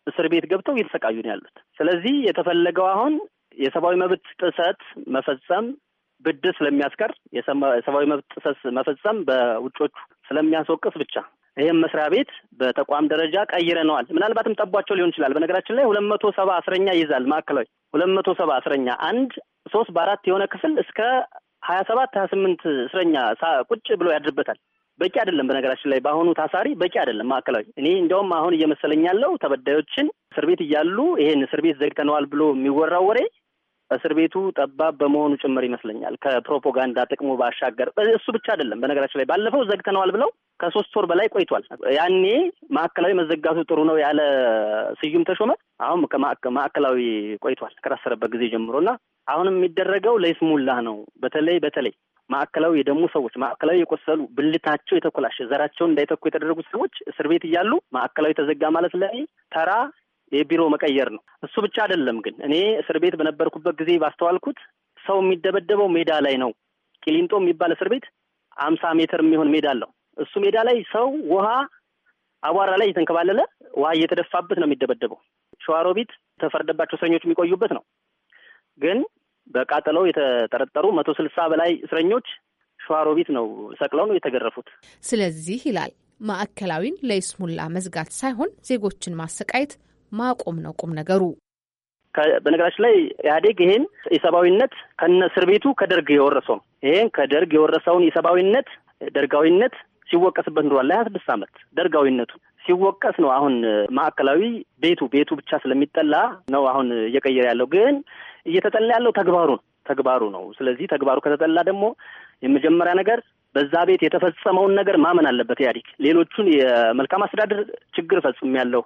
H: እስር ቤት ገብተው እየተሰቃዩ ነው ያሉት። ስለዚህ የተፈለገው አሁን የሰብአዊ መብት ጥሰት መፈጸም ብድ ስለሚያስቀር የሰብአዊ መብት ጥሰት መፈጸም በውጮቹ ስለሚያስወቅስ ብቻ ይህም መስሪያ ቤት በተቋም ደረጃ ቀይረነዋል። ምናልባትም ጠቧቸው ሊሆን ይችላል። በነገራችን ላይ ሁለት መቶ ሰባ እስረኛ ይይዛል። ማዕከላዊ ሁለት መቶ ሰባ እስረኛ አንድ ሶስት በአራት የሆነ ክፍል እስከ ሀያ ሰባት ሀያ ስምንት እስረኛ ቁጭ ብሎ ያድርበታል። በቂ አይደለም። በነገራችን ላይ በአሁኑ ታሳሪ በቂ አይደለም ማዕከላዊ። እኔ እንዲያውም አሁን እየመሰለኝ ያለው ተበዳዮችን እስር ቤት እያሉ ይሄን እስር ቤት ዘግተነዋል ብሎ የሚወራው ወሬ እስር ቤቱ ጠባብ በመሆኑ ጭምር ይመስለኛል ከፕሮፓጋንዳ ጥቅሙ ባሻገር። እሱ ብቻ አይደለም። በነገራችን ላይ ባለፈው ዘግተነዋል ብለው ከሶስት ወር በላይ ቆይቷል። ያኔ ማዕከላዊ መዘጋቱ ጥሩ ነው ያለ ስዩም ተሾመ አሁን ማዕከላዊ ቆይቷል ከታሰረበት ጊዜ ጀምሮና አሁንም የሚደረገው ለይስሙላ ነው። በተለይ በተለይ ማዕከላዊ የደሙ ሰዎች ማዕከላዊ የቆሰሉ ብልታቸው የተኮላሸ ዘራቸውን እንዳይተኩ የተደረጉ ሰዎች እስር ቤት እያሉ ማዕከላዊ ተዘጋ ማለት ላይ ተራ የቢሮ መቀየር ነው። እሱ ብቻ አይደለም ግን እኔ እስር ቤት በነበርኩበት ጊዜ ባስተዋልኩት ሰው የሚደበደበው ሜዳ ላይ ነው። ቂሊንጦ የሚባል እስር ቤት አምሳ ሜትር የሚሆን ሜዳ አለው። እሱ ሜዳ ላይ ሰው ውሃ አቧራ ላይ እየተንከባለለ ውሃ እየተደፋበት ነው የሚደበደበው። ሸዋሮቢት የተፈረደባቸው እስረኞች የሚቆዩበት ነው። ግን በቃጠለው የተጠረጠሩ መቶ ስልሳ በላይ እስረኞች ሸዋሮቢት ነው ሰቅለው ነው የተገረፉት።
G: ስለዚህ ይላል ማዕከላዊን ለይስሙላ መዝጋት ሳይሆን ዜጎችን ማሰቃየት ማቆም ነው ቁም ነገሩ።
H: በነገራችን ላይ ኢህአዴግ ይሄን የሰብአዊነት ከነ እስር ቤቱ ከደርግ የወረሰው ነው። ይሄን ከደርግ የወረሰውን የሰብአዊነት ደርጋዊነት ሲወቀስበት ኑሯል። ለሀያ ስድስት አመት ደርጋዊነቱ ሲወቀስ ነው። አሁን ማዕከላዊ ቤቱ ቤቱ ብቻ ስለሚጠላ ነው አሁን እየቀየረ ያለው ግን እየተጠላ ያለው ተግባሩ ነው ተግባሩ ነው። ስለዚህ ተግባሩ ከተጠላ ደግሞ የመጀመሪያ ነገር በዛ ቤት የተፈጸመውን ነገር ማመን አለበት ኢህአዴግ። ሌሎቹን የመልካም አስተዳደር ችግር ፈጽም ያለው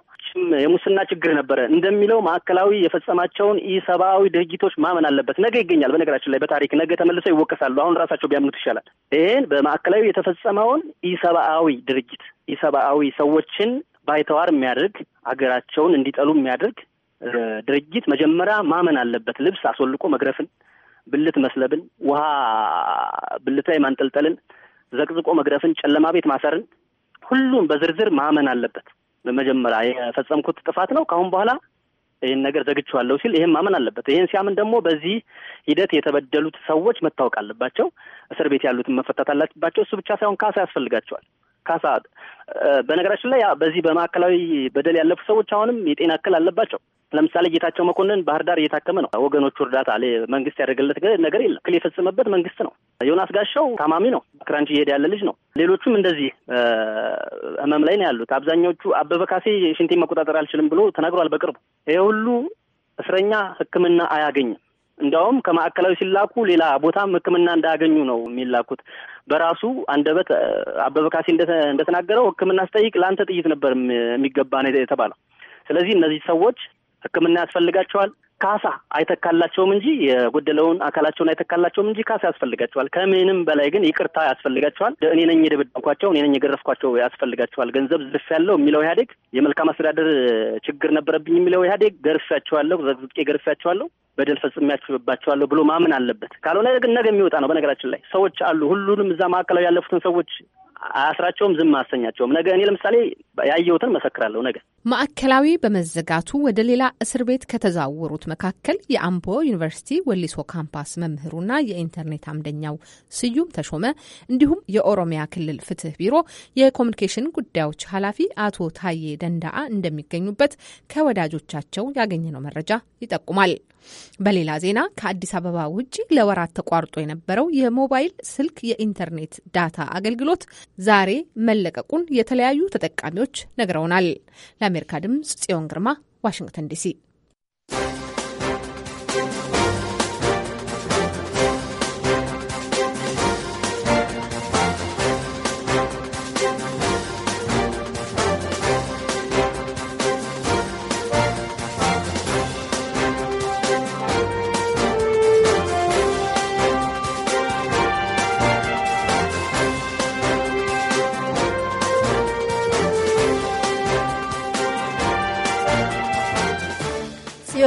H: የሙስና ችግር ነበረ እንደሚለው ማዕከላዊ የፈጸማቸውን ኢሰብአዊ ድርጊቶች ማመን አለበት። ነገ ይገኛል። በነገራችን ላይ በታሪክ ነገ ተመልሰው ይወቀሳሉ። አሁን ራሳቸው ቢያምኑት ይሻላል። ይህን በማዕከላዊ የተፈጸመውን ኢሰብአዊ ድርጊት ኢሰብአዊ ሰዎችን ባይተዋር የሚያደርግ አገራቸውን እንዲጠሉ የሚያደርግ ድርጊት መጀመሪያ ማመን አለበት። ልብስ አስወልቆ መግረፍን ብልት መስለብን፣ ውሃ ብልት ላይ ማንጠልጠልን፣ ዘቅዝቆ መግረፍን፣ ጨለማ ቤት ማሰርን ሁሉም በዝርዝር ማመን አለበት። በመጀመሪያ የፈጸምኩት ጥፋት ነው፣ ከአሁን በኋላ ይህን ነገር ዘግቼዋለሁ ሲል ይህን ማመን አለበት። ይህን ሲያምን ደግሞ በዚህ ሂደት የተበደሉት ሰዎች መታወቅ አለባቸው። እስር ቤት ያሉትን መፈታት አለባቸው። እሱ ብቻ ሳይሆን ካሳ ያስፈልጋቸዋል። ካሳ በነገራችን ላይ በዚህ በማዕከላዊ በደል ያለፉ ሰዎች አሁንም የጤና እክል አለባቸው። ለምሳሌ ጌታቸው መኮንን ባህር ዳር እየታከመ ነው። ወገኖቹ እርዳታ መንግስት ያደረገለት ነገር የለም። ክል የፈጸመበት መንግስት ነው። ዮናስ ጋሻው ታማሚ ነው። ክራንች እየሄደ ያለ ልጅ ነው። ሌሎቹም እንደዚህ ህመም ላይ ነው ያሉት። አብዛኛዎቹ አበበ ካሴ ሽንቴ መቆጣጠር አልችልም ብሎ ተናግሯል በቅርቡ። ይህ ሁሉ እስረኛ ህክምና አያገኝም። እንዲያውም ከማዕከላዊ ሲላኩ ሌላ ቦታም ህክምና እንዳያገኙ ነው የሚላኩት። በራሱ አንደበት አበበ ካሴ እንደተናገረው ህክምና ስጠይቅ ለአንተ ጥይት ነበር የሚገባ ነው የተባለው። ስለዚህ እነዚህ ሰዎች ሕክምና ያስፈልጋቸዋል። ካሳ አይተካላቸውም እንጂ የጎደለውን አካላቸውን አይተካላቸውም እንጂ ካሳ ያስፈልጋቸዋል። ከምንም በላይ ግን ይቅርታ ያስፈልጋቸዋል። እኔ ነኝ የደበደብኳቸው፣ እኔ ነኝ የገረፍኳቸው ያስፈልጋቸዋል። ገንዘብ ዝርፍ ያለው የሚለው ኢህአዴግ የመልካም አስተዳደር ችግር ነበረብኝ የሚለው ኢህአዴግ ገርፌያቸዋለሁ፣ ዘግዝቄ ገርፌያቸዋለሁ። በደል ፈጽሜያችሁባቸዋለሁ ብሎ ማመን አለበት። ካልሆነ ግን ነገ የሚወጣ ነው። በነገራችን ላይ ሰዎች አሉ። ሁሉንም እዛ ማዕከላዊ ያለፉትን ሰዎች አያስራቸውም፣ ዝም አሰኛቸውም። ነገ እኔ ለምሳሌ ያየሁትን መሰክራለሁ። ነገ
G: ማዕከላዊ በመዘጋቱ ወደ ሌላ እስር ቤት ከተዛወሩት መካከል የአምቦ ዩኒቨርሲቲ ወሊሶ ካምፓስ መምህሩና የኢንተርኔት አምደኛው ስዩም ተሾመ እንዲሁም የኦሮሚያ ክልል ፍትህ ቢሮ የኮሚኒኬሽን ጉዳዮች ኃላፊ አቶ ታዬ ደንዳአ እንደሚገኙበት ከወዳጆቻቸው ያገኘነው መረጃ ይጠቁማል። በሌላ ዜና ከአዲስ አበባ ውጭ ለወራት ተቋርጦ የነበረው የሞባይል ስልክ የኢንተርኔት ዳታ አገልግሎት ዛሬ መለቀቁን የተለያዩ ተጠቃሚዎች ነግረውናል። ለአሜሪካ ድምጽ ጽዮን ግርማ ዋሽንግተን ዲሲ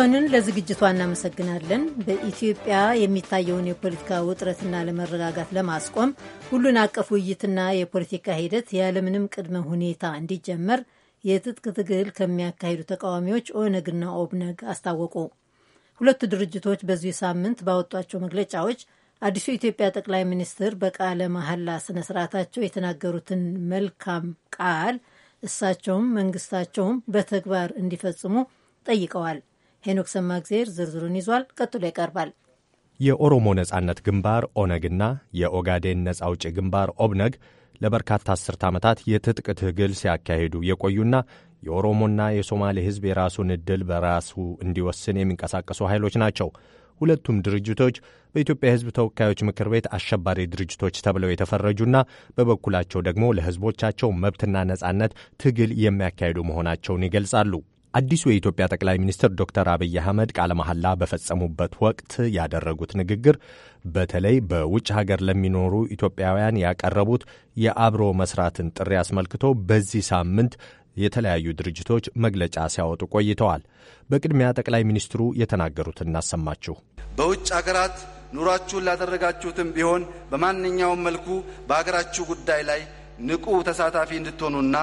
A: ጽዮንን ለዝግጅቷ እናመሰግናለን። በኢትዮጵያ የሚታየውን የፖለቲካ ውጥረትና ለመረጋጋት ለማስቆም ሁሉን አቀፍ ውይይትና የፖለቲካ ሂደት ያለምንም ቅድመ ሁኔታ እንዲጀመር የትጥቅ ትግል ከሚያካሂዱ ተቃዋሚዎች ኦነግና ኦብነግ አስታወቁ። ሁለቱ ድርጅቶች በዚሁ ሳምንት ባወጧቸው መግለጫዎች አዲሱ የኢትዮጵያ ጠቅላይ ሚኒስትር በቃለ መሐላ ስነ ስርዓታቸው የተናገሩትን መልካም ቃል እሳቸውም መንግስታቸውም በተግባር እንዲፈጽሙ ጠይቀዋል። ሄኖክ ሰማግዜር ዝርዝሩን ይዟል። ቀጥሎ ይቀርባል።
E: የኦሮሞ ነጻነት ግንባር ኦነግና የኦጋዴን ነጻ አውጪ ግንባር ኦብነግ ለበርካታ አስርተ ዓመታት የትጥቅ ትግል ሲያካሂዱ የቆዩና የኦሮሞና የሶማሌ ሕዝብ የራሱን ዕድል በራሱ እንዲወስን የሚንቀሳቀሱ ኃይሎች ናቸው። ሁለቱም ድርጅቶች በኢትዮጵያ የሕዝብ ተወካዮች ምክር ቤት አሸባሪ ድርጅቶች ተብለው የተፈረጁና በበኩላቸው ደግሞ ለሕዝቦቻቸው መብትና ነጻነት ትግል የሚያካሂዱ መሆናቸውን ይገልጻሉ። አዲሱ የኢትዮጵያ ጠቅላይ ሚኒስትር ዶክተር አብይ አህመድ ቃለ መሐላ በፈጸሙበት ወቅት ያደረጉት ንግግር በተለይ በውጭ ሀገር ለሚኖሩ ኢትዮጵያውያን ያቀረቡት የአብሮ መስራትን ጥሪ አስመልክቶ በዚህ ሳምንት የተለያዩ ድርጅቶች መግለጫ ሲያወጡ ቆይተዋል። በቅድሚያ ጠቅላይ ሚኒስትሩ የተናገሩት እናሰማችሁ።
K: በውጭ ሀገራት ኑሯችሁን ላደረጋችሁትም ቢሆን በማንኛውም መልኩ በሀገራችሁ ጉዳይ ላይ ንቁ ተሳታፊ እንድትሆኑና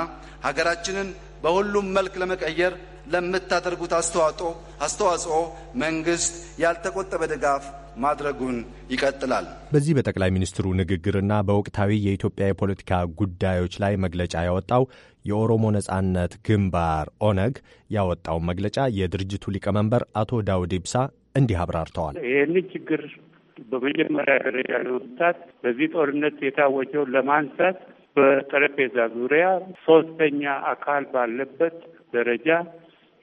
K: ሀገራችንን በሁሉም መልክ ለመቀየር ለምታደርጉት አስተዋጽኦ መንግስት ያልተቆጠበ ድጋፍ ማድረጉን ይቀጥላል።
E: በዚህ በጠቅላይ ሚኒስትሩ ንግግርና በወቅታዊ የኢትዮጵያ የፖለቲካ ጉዳዮች ላይ መግለጫ ያወጣው የኦሮሞ ነጻነት ግንባር ኦነግ ያወጣውን መግለጫ የድርጅቱ ሊቀመንበር አቶ ዳውድ ኢብሳ እንዲህ አብራርተዋል።
L: ይህን ችግር በመጀመሪያ ደረጃ ለመፍታት በዚህ ጦርነት የታወጀው ለማንሳት በጠረጴዛ ዙሪያ ሶስተኛ አካል ባለበት ደረጃ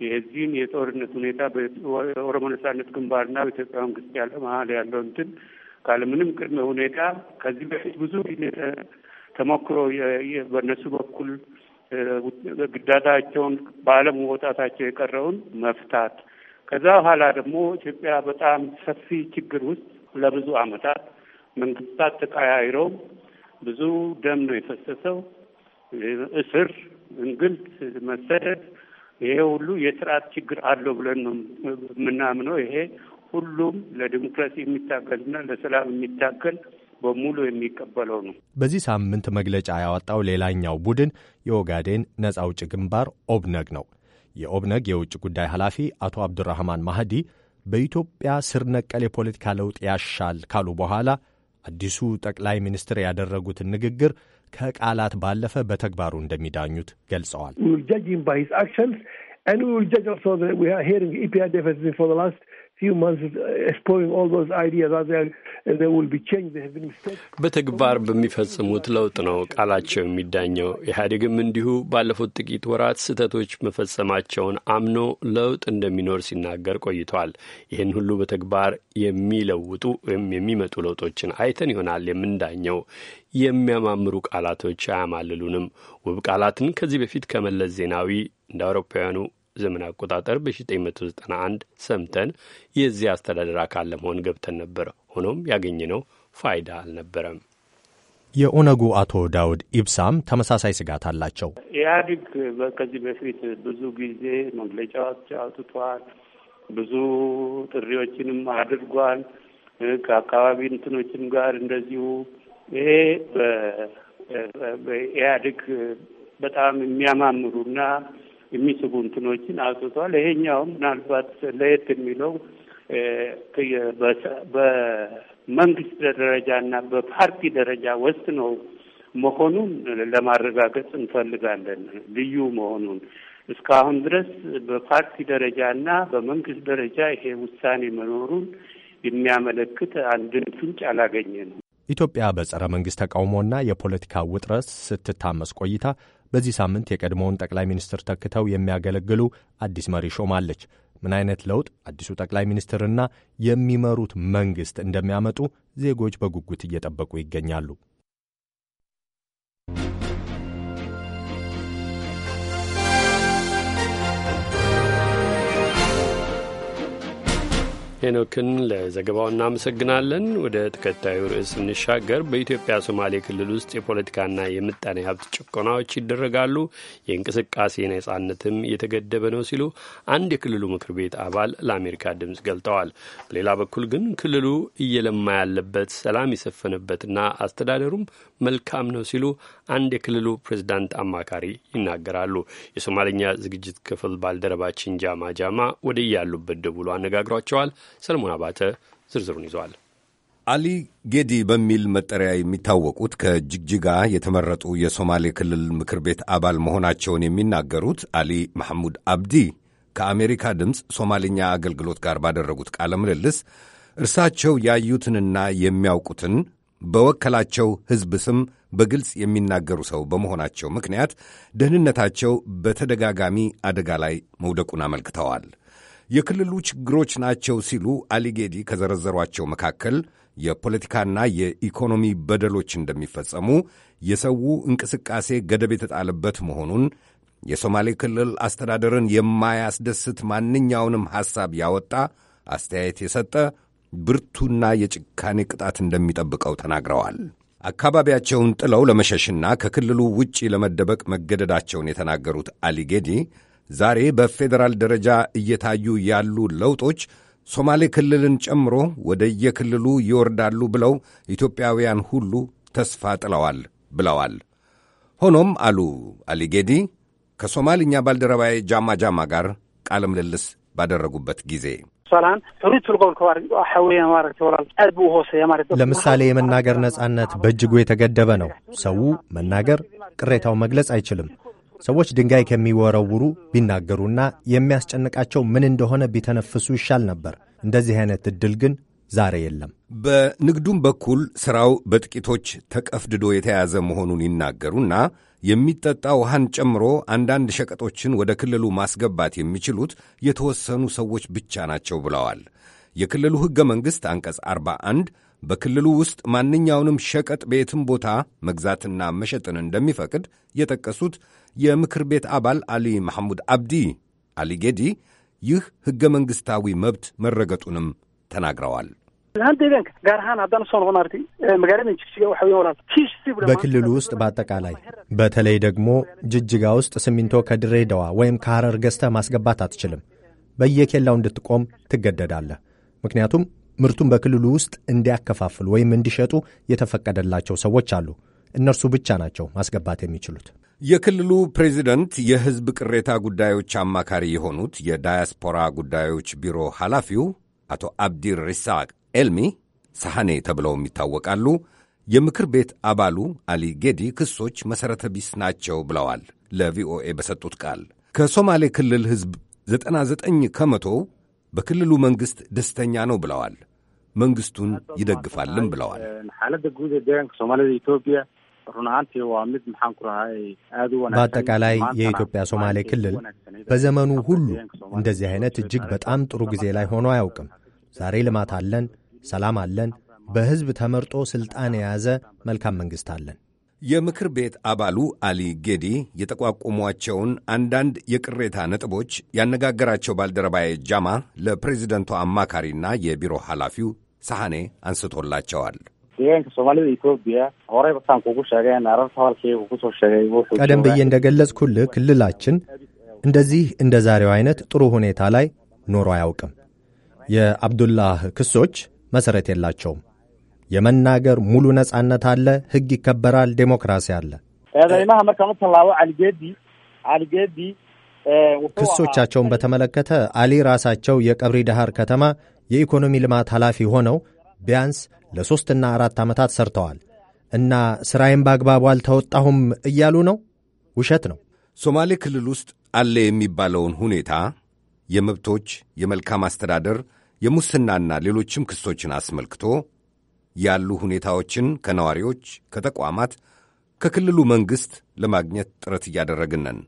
L: የዚህን የጦርነት ሁኔታ በኦሮሞ ነጻነት ግንባርና በኢትዮጵያ መንግስት ያለ መሀል ያለው እንትን ካለምንም ቅድመ ሁኔታ ከዚህ በፊት ብዙ ተሞክሮ በእነሱ በኩል ግዳታቸውን በዓለም መውጣታቸው የቀረውን መፍታት ከዛ በኋላ ደግሞ ኢትዮጵያ በጣም ሰፊ ችግር ውስጥ ለብዙ ዓመታት መንግስታት ተቀያይረው ብዙ ደም ነው የፈሰሰው። እስር፣ እንግልት፣ መሰደድ ይሄ ሁሉ የስርዓት ችግር አለው ብለን ነው የምናምነው። ይሄ ሁሉም ለዲሞክራሲ የሚታገልና ለሰላም የሚታገል በሙሉ የሚቀበለው ነው።
E: በዚህ ሳምንት መግለጫ ያወጣው ሌላኛው ቡድን የኦጋዴን ነጻ ውጭ ግንባር ኦብነግ ነው። የኦብነግ የውጭ ጉዳይ ኃላፊ አቶ አብዱራህማን ማህዲ በኢትዮጵያ ስር ነቀል የፖለቲካ ለውጥ ያሻል ካሉ በኋላ አዲሱ ጠቅላይ ሚኒስትር ያደረጉትን ንግግር ከቃላት ባለፈ በተግባሩ እንደሚዳኙት ገልጸዋል።
B: በተግባር በሚፈጽሙት ለውጥ ነው ቃላቸው የሚዳኘው። ኢህአዴግም እንዲሁ ባለፉት ጥቂት ወራት ስህተቶች መፈጸማቸውን አምኖ ለውጥ እንደሚኖር ሲናገር ቆይቷል ይህን ሁሉ በተግባር የሚለውጡ ወይም የሚመጡ ለውጦችን አይተን ይሆናል የምንዳኘው። የሚያማምሩ ቃላቶች አያማልሉንም። ውብ ቃላትን ከዚህ በፊት ከመለስ ዜናዊ እንደ አውሮፓውያኑ ዘመን አቆጣጠር በ1991 ሰምተን የዚህ አስተዳደር አካል ለመሆን ገብተን ነበር። ሆኖም ያገኘነው ፋይዳ አልነበረም።
E: የኦነጉ አቶ ዳውድ ኢብሳም ተመሳሳይ ስጋት አላቸው።
L: ኢህአዲግ ከዚህ በፊት ብዙ ጊዜ መግለጫዎች አውጥቷል። ብዙ ጥሪዎችንም አድርጓል። ከአካባቢ እንትኖችም ጋር እንደዚሁ ይሄ በኢህአዲግ በጣም የሚያማምሩና የሚስቡ እንትኖችን አውጥቷል። ይሄኛውም ምናልባት ለየት የሚለው በመንግስት ደረጃ እና በፓርቲ ደረጃ ነው መሆኑን ለማረጋገጥ እንፈልጋለን። ልዩ መሆኑን እስካሁን ድረስ በፓርቲ ደረጃ እና በመንግስት ደረጃ ይሄ ውሳኔ መኖሩን የሚያመለክት አንድን ፍንጭ አላገኘ ነው።
E: ኢትዮጵያ በጸረ መንግስት ተቃውሞና የፖለቲካ ውጥረት ስትታመስ ቆይታ በዚህ ሳምንት የቀድሞውን ጠቅላይ ሚኒስትር ተክተው የሚያገለግሉ አዲስ መሪ ሾማለች። ምን አይነት ለውጥ አዲሱ ጠቅላይ ሚኒስትርና የሚመሩት መንግሥት እንደሚያመጡ ዜጎች በጉጉት እየጠበቁ ይገኛሉ።
B: ሄኖክን ለዘገባው እናመሰግናለን። ወደ ተከታዩ ርዕስ ስንሻገር በኢትዮጵያ ሶማሌ ክልል ውስጥ የፖለቲካና የምጣኔ ሀብት ጭቆናዎች ይደረጋሉ፣ የእንቅስቃሴ ነጻነትም የተገደበ ነው ሲሉ አንድ የክልሉ ምክር ቤት አባል ለአሜሪካ ድምፅ ገልጠዋል። በሌላ በኩል ግን ክልሉ እየለማ ያለበት ሰላም የሰፈነበትና አስተዳደሩም መልካም ነው ሲሉ አንድ የክልሉ ፕሬዝዳንት አማካሪ ይናገራሉ። የሶማልኛ ዝግጅት ክፍል ባልደረባችን ጃማ ጃማ ወደ ያሉበት ደውሎ አነጋግሯቸዋል። ሰለሞን አባተ ዝርዝሩን ይዘዋል። አሊ
F: ጌዲ በሚል መጠሪያ የሚታወቁት ከጅግጅጋ የተመረጡ የሶማሌ ክልል ምክር ቤት አባል መሆናቸውን የሚናገሩት አሊ መሐሙድ አብዲ ከአሜሪካ ድምፅ ሶማልኛ አገልግሎት ጋር ባደረጉት ቃለ ምልልስ እርሳቸው ያዩትንና የሚያውቁትን በወከላቸው ሕዝብ ስም በግልጽ የሚናገሩ ሰው በመሆናቸው ምክንያት ደህንነታቸው በተደጋጋሚ አደጋ ላይ መውደቁን አመልክተዋል። የክልሉ ችግሮች ናቸው ሲሉ አሊጌዲ ከዘረዘሯቸው መካከል የፖለቲካና የኢኮኖሚ በደሎች እንደሚፈጸሙ፣ የሰው እንቅስቃሴ ገደብ የተጣለበት መሆኑን፣ የሶማሌ ክልል አስተዳደርን የማያስደስት ማንኛውንም ሐሳብ ያወጣ አስተያየት የሰጠ ብርቱና የጭካኔ ቅጣት እንደሚጠብቀው ተናግረዋል። አካባቢያቸውን ጥለው ለመሸሽና ከክልሉ ውጪ ለመደበቅ መገደዳቸውን የተናገሩት አሊጌዲ ዛሬ በፌዴራል ደረጃ እየታዩ ያሉ ለውጦች ሶማሌ ክልልን ጨምሮ ወደየክልሉ ይወርዳሉ ብለው ኢትዮጵያውያን ሁሉ ተስፋ ጥለዋል ብለዋል። ሆኖም አሉ አሊጌዲ ከሶማልኛ ባልደረባዬ ጃማ ጃማ ጋር ቃለ ምልልስ ባደረጉበት ጊዜ
I: tusaalahaan xoriitul qowlka ከባር weeyaan maaragtay ተወራል aad buu u
E: ለምሳሌ የመናገር ነጻነት በእጅጉ የተገደበ ነው። ሰው መናገር፣ ቅሬታው መግለጽ አይችልም። ሰዎች ድንጋይ ከሚወረውሩ ቢናገሩና የሚያስጨንቃቸው ምን እንደሆነ ቢተነፍሱ ይሻል ነበር። እንደዚህ አይነት እድል ግን ዛሬ የለም።
F: በንግዱም በኩል ሥራው በጥቂቶች ተቀፍድዶ የተያዘ መሆኑን ይናገሩና የሚጠጣ ውሃን ጨምሮ አንዳንድ ሸቀጦችን ወደ ክልሉ ማስገባት የሚችሉት የተወሰኑ ሰዎች ብቻ ናቸው ብለዋል። የክልሉ ሕገ መንግሥት አንቀጽ 41 በክልሉ ውስጥ ማንኛውንም ሸቀጥ በየትም ቦታ መግዛትና መሸጥን እንደሚፈቅድ የጠቀሱት የምክር ቤት አባል አሊ መሐሙድ አብዲ አሊጌዲ ይህ ሕገ መንግሥታዊ መብት መረገጡንም ተናግረዋል።
E: በክልሉ ውስጥ በአጠቃላይ በተለይ ደግሞ ጅጅጋ ውስጥ ሲሚንቶ ከድሬዳዋ ወይም ከሐረር ገዝተ ማስገባት አትችልም። በየኬላው እንድትቆም ትገደዳለህ። ምክንያቱም ምርቱን በክልሉ ውስጥ እንዲያከፋፍሉ ወይም እንዲሸጡ የተፈቀደላቸው ሰዎች አሉ። እነርሱ ብቻ ናቸው ማስገባት የሚችሉት።
F: የክልሉ ፕሬዚደንት የሕዝብ ቅሬታ ጉዳዮች አማካሪ የሆኑት የዳያስፖራ ጉዳዮች ቢሮ ኃላፊው አቶ አብዲር ሪሳቅ ኤልሚ ሳሐኔ ተብለውም ይታወቃሉ። የምክር ቤት አባሉ አሊ ጌዲ ክሶች መሠረተ ቢስ ናቸው ብለዋል ለቪኦኤ በሰጡት ቃል። ከሶማሌ ክልል ሕዝብ 99 ከመቶ በክልሉ መንግሥት ደስተኛ ነው ብለዋል። መንግሥቱን ይደግፋልም ብለዋል።
I: በአጠቃላይ
E: የኢትዮጵያ ሶማሌ ክልል በዘመኑ ሁሉ እንደዚህ አይነት እጅግ በጣም ጥሩ ጊዜ ላይ ሆኖ አያውቅም። ዛሬ ልማት አለን፣ ሰላም አለን፣ በሕዝብ ተመርጦ ሥልጣን የያዘ መልካም መንግሥት አለን።
F: የምክር ቤት አባሉ አሊ ጌዲ የጠቋቁሟቸውን አንዳንድ የቅሬታ ነጥቦች ያነጋገራቸው ባልደረባዬ ጃማ ለፕሬዚደንቱ አማካሪና የቢሮ ኃላፊው ሳሐኔ አንስቶላቸዋል።
I: ቀደም ብዬ
E: እንደገለጽኩልህ ክልላችን እንደዚህ እንደ ዛሬው አይነት ጥሩ ሁኔታ ላይ ኖሮ አያውቅም። የአብዱላህ ክሶች መሠረት የላቸውም። የመናገር ሙሉ ነጻነት አለ፣ ሕግ ይከበራል፣ ዴሞክራሲ አለ። ክሶቻቸውን በተመለከተ አሊ ራሳቸው የቀብሪ ዳሃር ከተማ የኢኮኖሚ ልማት ኃላፊ ሆነው ቢያንስ ለሦስትና አራት ዓመታት ሰርተዋል እና ሥራዬን በአግባቡ አልተወጣሁም እያሉ ነው። ውሸት ነው።
F: ሶማሌ ክልል ውስጥ አለ የሚባለውን ሁኔታ የመብቶች፣ የመልካም አስተዳደር የሙስናና ሌሎችም ክሶችን አስመልክቶ ያሉ ሁኔታዎችን ከነዋሪዎች፣ ከተቋማት፣ ከክልሉ መንግሥት ለማግኘት ጥረት እያደረግን ነን።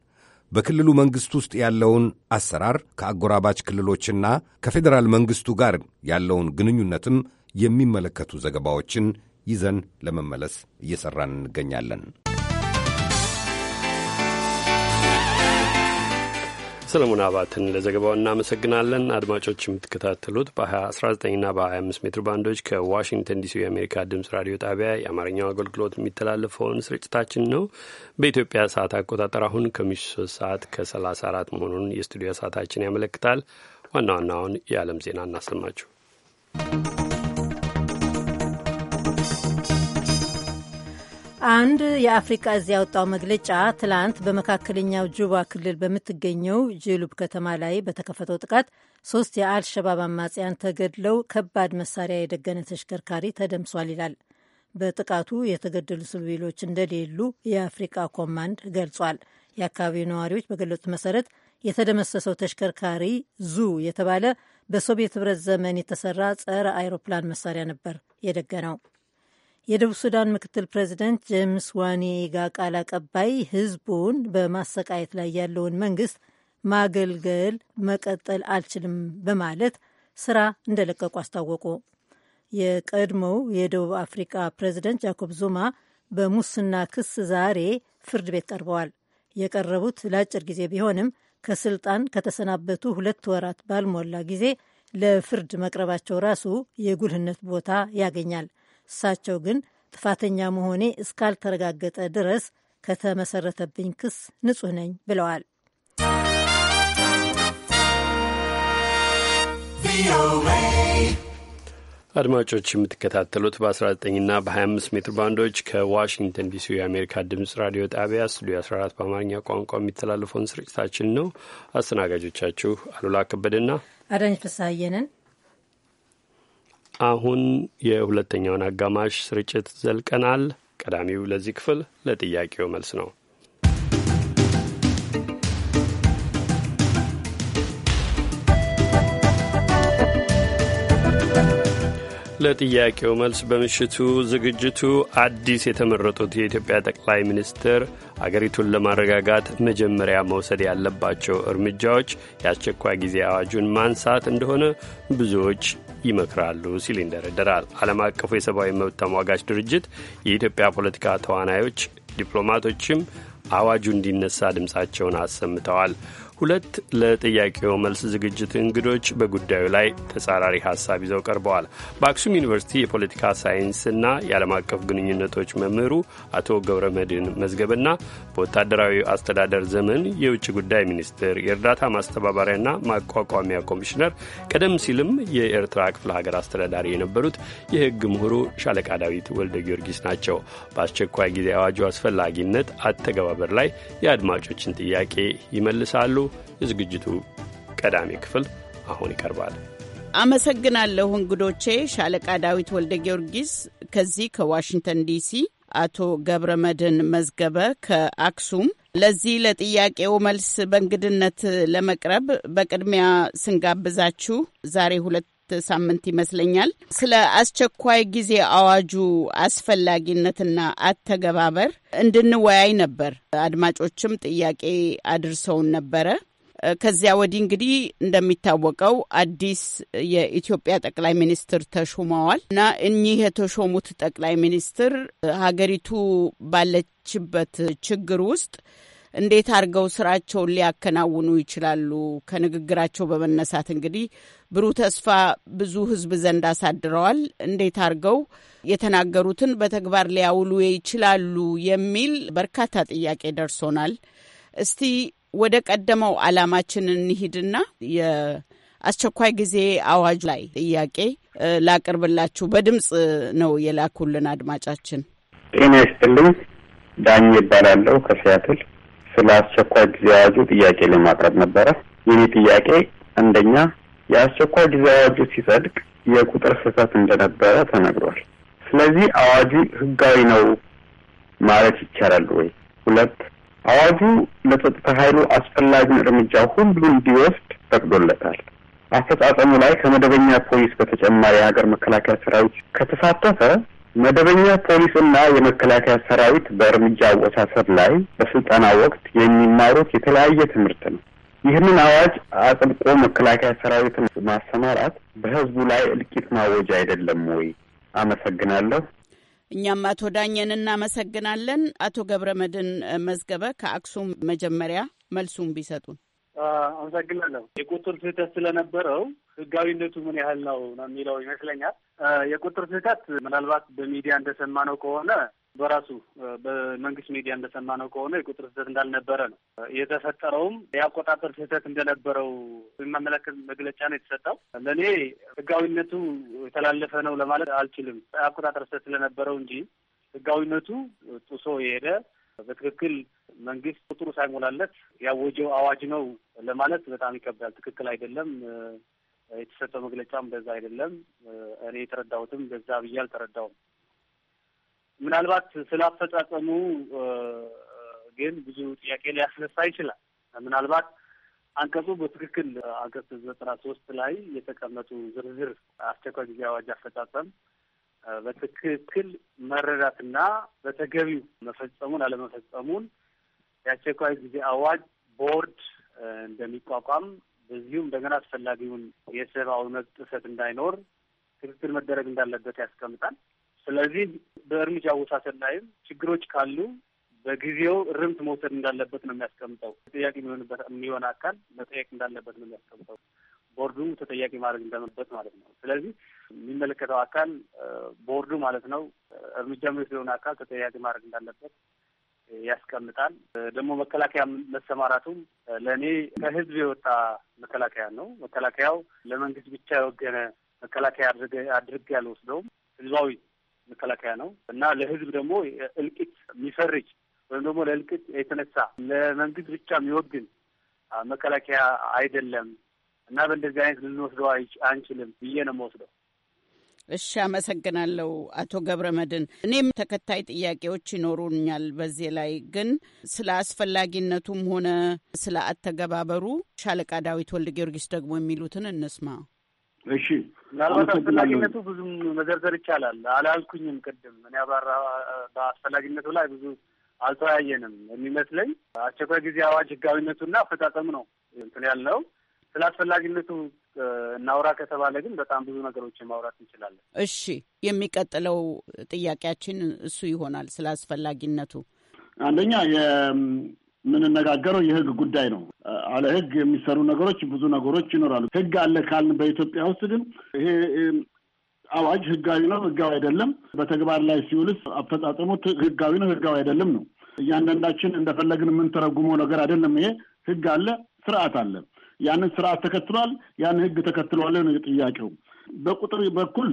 F: በክልሉ መንግሥት ውስጥ ያለውን አሰራር ከአጎራባች ክልሎችና ከፌዴራል መንግሥቱ ጋር ያለውን ግንኙነትም የሚመለከቱ ዘገባዎችን ይዘን ለመመለስ እየሠራን እንገኛለን።
B: ሰለሞን አባትን ለዘገባው እናመሰግናለን። አድማጮች የምትከታተሉት በ19ና በ25 ሜትር ባንዶች ከዋሽንግተን ዲሲ የአሜሪካ ድምፅ ራዲዮ ጣቢያ የአማርኛው አገልግሎት የሚተላለፈውን ስርጭታችን ነው። በኢትዮጵያ ሰዓት አቆጣጠር አሁን ከምሽቱ 3 ሰዓት ከ34 መሆኑን የስቱዲዮ ሰዓታችን ያመለክታል። ዋና ዋናውን የዓለም ዜና እናሰማችሁ።
A: አንድ የአፍሪቃ እዝ ያወጣው መግለጫ ትላንት በመካከለኛው ጁባ ክልል በምትገኘው ጅሉብ ከተማ ላይ በተከፈተው ጥቃት ሶስት የአልሸባብ አማጽያን ተገድለው ከባድ መሳሪያ የደገነ ተሽከርካሪ ተደምሷል ይላል። በጥቃቱ የተገደሉ ሲቪሎች እንደሌሉ የአፍሪቃ ኮማንድ ገልጿል። የአካባቢው ነዋሪዎች በገለጹት መሰረት የተደመሰሰው ተሽከርካሪ ዙ የተባለ በሶቪየት ህብረት ዘመን የተሰራ ጸረ አይሮፕላን መሳሪያ ነበር የደገነው። የደቡብ ሱዳን ምክትል ፕሬዚደንት ጄምስ ዋኔጋ ቃል አቀባይ ህዝቡን በማሰቃየት ላይ ያለውን መንግስት ማገልገል መቀጠል አልችልም በማለት ስራ እንደለቀቁ አስታወቁ። የቀድሞው የደቡብ አፍሪካ ፕሬዚደንት ጃኮብ ዙማ በሙስና ክስ ዛሬ ፍርድ ቤት ቀርበዋል። የቀረቡት ለአጭር ጊዜ ቢሆንም ከስልጣን ከተሰናበቱ ሁለት ወራት ባልሞላ ጊዜ ለፍርድ መቅረባቸው ራሱ የጉልህነት ቦታ ያገኛል። እሳቸው ግን ጥፋተኛ መሆኔ እስካልተረጋገጠ ድረስ ከተመሰረተብኝ ክስ ንጹህ ነኝ ብለዋል።
B: አድማጮች የምትከታተሉት በ19ና በ25 ሜትር ባንዶች ከዋሽንግተን ዲሲ የአሜሪካ ድምፅ ራዲዮ ጣቢያ ስቱዲዮ 14 በአማርኛ ቋንቋ የሚተላለፈውን ስርጭታችን ነው። አስተናጋጆቻችሁ አሉላ ከበደና
A: አዳኝ አየነን።
B: አሁን የሁለተኛውን አጋማሽ ስርጭት ዘልቀናል። ቀዳሚው ለዚህ ክፍል ለጥያቄው መልስ ነው። ለጥያቄው መልስ በምሽቱ ዝግጅቱ አዲስ የተመረጡት የኢትዮጵያ ጠቅላይ ሚኒስትር አገሪቱን ለማረጋጋት መጀመሪያ መውሰድ ያለባቸው እርምጃዎች የአስቸኳይ ጊዜ አዋጁን ማንሳት እንደሆነ ብዙዎች ይመክራሉ ሲል ይንደረደራል። ዓለም አቀፉ የሰብአዊ መብት ተሟጋች ድርጅት የኢትዮጵያ ፖለቲካ ተዋናዮች፣ ዲፕሎማቶችም አዋጁ እንዲነሳ ድምፃቸውን አሰምተዋል። ሁለት ለጥያቄው መልስ ዝግጅት እንግዶች በጉዳዩ ላይ ተጻራሪ ሀሳብ ይዘው ቀርበዋል። በአክሱም ዩኒቨርሲቲ የፖለቲካ ሳይንስና የዓለም አቀፍ ግንኙነቶች መምህሩ አቶ ገብረ መድህን መዝገብና በወታደራዊ አስተዳደር ዘመን የውጭ ጉዳይ ሚኒስትር የእርዳታ ማስተባበሪያና ማቋቋሚያ ኮሚሽነር ቀደም ሲልም የኤርትራ ክፍለ ሀገር አስተዳዳሪ የነበሩት የህግ ምሁሩ ሻለቃ ዳዊት ወልደ ጊዮርጊስ ናቸው። በአስቸኳይ ጊዜ አዋጁ አስፈላጊነት አተገባበር ላይ የአድማጮችን ጥያቄ ይመልሳሉ። የዝግጅቱ ቀዳሚ ክፍል አሁን ይቀርባል።
M: አመሰግናለሁ እንግዶቼ ሻለቃ ዳዊት ወልደ ጊዮርጊስ ከዚህ ከዋሽንግተን ዲሲ፣ አቶ ገብረ መድህን መዝገበ ከአክሱም። ለዚህ ለጥያቄው መልስ በእንግድነት ለመቅረብ በቅድሚያ ስንጋብዛችሁ ዛሬ ሁለት ሳምንት ይመስለኛል ስለ አስቸኳይ ጊዜ አዋጁ አስፈላጊነትና አተገባበር እንድንወያይ ነበር። አድማጮችም ጥያቄ አድርሰውን ነበረ። ከዚያ ወዲህ እንግዲህ እንደሚታወቀው አዲስ የኢትዮጵያ ጠቅላይ ሚኒስትር ተሾመዋል እና እኚህ የተሾሙት ጠቅላይ ሚኒስትር ሀገሪቱ ባለችበት ችግር ውስጥ እንዴት አድርገው ስራቸውን ሊያከናውኑ ይችላሉ? ከንግግራቸው በመነሳት እንግዲህ ብሩህ ተስፋ ብዙ ህዝብ ዘንድ አሳድረዋል። እንዴት አድርገው የተናገሩትን በተግባር ሊያውሉ ይችላሉ የሚል በርካታ ጥያቄ ደርሶናል። እስቲ ወደ ቀደመው አላማችን እንሂድና የአስቸኳይ ጊዜ አዋጅ ላይ ጥያቄ ላቅርብላችሁ። በድምፅ ነው የላኩልን አድማጫችን።
I: ጤና ይስጥልኝ። ዳኝ ይባላለሁ ከሲያትል ስለ አስቸኳይ ጊዜ አዋጁ ጥያቄ ለማቅረብ ነበረ። ይህ ጥያቄ አንደኛ የአስቸኳይ ጊዜ አዋጁ ሲጸድቅ የቁጥር ስህተት እንደነበረ ተነግሯል። ስለዚህ አዋጁ ህጋዊ ነው ማለት ይቻላል ወይ? ሁለት አዋጁ ለጸጥታ ኃይሉ አስፈላጊውን እርምጃ ሁሉ እንዲወስድ ፈቅዶለታል። አፈጻጸሙ ላይ ከመደበኛ ፖሊስ በተጨማሪ የሀገር መከላከያ ሰራዊት ከተሳተፈ መደበኛ ፖሊስና የመከላከያ ሰራዊት በእርምጃ አወሳሰብ ላይ በስልጠና ወቅት የሚማሩት የተለያየ ትምህርት ነው። ይህንን አዋጅ አጥብቆ መከላከያ ሰራዊትን ማሰማራት በህዝቡ ላይ እልቂት ማወጅ አይደለም ወይ? አመሰግናለሁ።
M: እኛም አቶ ዳኘን እናመሰግናለን። አቶ ገብረ መድን መዝገበ ከአክሱም መጀመሪያ መልሱም ቢሰጡን
I: አመሰግናለሁ። የቁጥር ስህተት ስለነበረው ህጋዊነቱ ምን ያህል ነው ነው የሚለው ይመስለኛል። የቁጥር ስህተት ምናልባት በሚዲያ እንደሰማነው ከሆነ በራሱ በመንግስት ሚዲያ እንደሰማነው ከሆነ የቁጥር ስህተት እንዳልነበረ ነው የተፈጠረውም የአቆጣጠር ስህተት እንደነበረው የሚያመለክት መግለጫ ነው የተሰጠው። ለእኔ ህጋዊነቱ የተላለፈ ነው ለማለት አልችልም። የአቆጣጠር ስህተት ስለነበረው እንጂ ህጋዊነቱ ጥሶ የሄደ በትክክል መንግስት ቁጥሩ ሳይሞላለት ያወጀው አዋጅ ነው ለማለት በጣም ይከብዳል። ትክክል አይደለም። የተሰጠው መግለጫም በዛ አይደለም። እኔ የተረዳሁትም በዛ ብዬ አልተረዳውም። ምናልባት ስላፈጻጸሙ ግን ብዙ ጥያቄ ሊያስነሳ ይችላል። ምናልባት አንቀጹ በትክክል አንቀጽ ዘጠና ሶስት ላይ የተቀመጡ ዝርዝር አስቸኳይ ጊዜ አዋጅ አፈጻጸም በትክክል መረዳትና በተገቢው መፈጸሙን አለመፈጸሙን የአስቸኳይ ጊዜ አዋጅ ቦርድ እንደሚቋቋም በዚሁም እንደገና አስፈላጊውን የሰብአዊ መብት ጥሰት እንዳይኖር ክትትል መደረግ እንዳለበት ያስቀምጣል። ስለዚህ በእርምጃ አወሳሰድ ላይም ችግሮች ካሉ በጊዜው እርምት መውሰድ እንዳለበት ነው የሚያስቀምጠው። ጥያቄ የሚሆንበት የሚሆን አካል መጠየቅ እንዳለበት ነው የሚያስቀምጠው። ቦርዱ ተጠያቂ ማድረግ እንደመበት ማለት ነው። ስለዚህ የሚመለከተው አካል ቦርዱ ማለት ነው እርምጃ የሚወስደውን አካል ተጠያቂ ማድረግ እንዳለበት ያስቀምጣል። ደግሞ መከላከያ መሰማራቱም ለእኔ ከህዝብ የወጣ መከላከያ ነው። መከላከያው ለመንግስት ብቻ የወገነ መከላከያ አድርጌ ያልወስደውም ህዝባዊ መከላከያ ነው እና ለህዝብ ደግሞ እልቂት የሚፈርጅ ወይም ደግሞ ለእልቂት የተነሳ ለመንግስት ብቻ የሚወግን መከላከያ አይደለም እና በእንደዚህ አይነት ልንወስደው አንችልም ብዬ ነው መወስደው።
M: እሺ፣ አመሰግናለሁ አቶ ገብረ መድን። እኔም ተከታይ ጥያቄዎች ይኖሩኛል። በዚህ ላይ ግን ስለ አስፈላጊነቱም ሆነ ስለ አተገባበሩ ሻለቃ ዳዊት ወልድ ጊዮርጊስ ደግሞ የሚሉትን እንስማ።
I: እሺ፣ ምናልባት አስፈላጊነቱ ብዙም መዘርዘር ይቻላል። አላልኩኝም ቅድም እኔ አባራ በአስፈላጊነቱ ላይ ብዙ አልተወያየንም። የሚመስለኝ አስቸኳይ ጊዜ አዋጅ ህጋዊነቱና አፈጻጸሙ ነው እንትን ያልነው ስለ አስፈላጊነቱ እናውራ ከተባለ ግን በጣም ብዙ ነገሮችን ማውራት እንችላለን።
M: እሺ፣ የሚቀጥለው ጥያቄያችን እሱ ይሆናል። ስለ አስፈላጊነቱ አንደኛ የምንነጋገረው
J: የህግ ጉዳይ ነው። አለ ህግ የሚሰሩ ነገሮች ብዙ ነገሮች ይኖራሉ። ህግ አለ ካልን በኢትዮጵያ ውስጥ ግን ይሄ አዋጅ ህጋዊ ነው፣ ህጋዊ አይደለም፣ በተግባር ላይ ሲውልስ አፈጻጸሙ ህጋዊ ነው፣ ህጋዊ አይደለም ነው። እያንዳንዳችን እንደፈለግን የምንተረጉመው ነገር አይደለም። ይሄ ህግ አለ፣ ስርዓት አለ። ያንን ስርዓት ተከትሏል፣ ያንን ህግ ተከትሏል ነው ጥያቄው። በቁጥር በኩል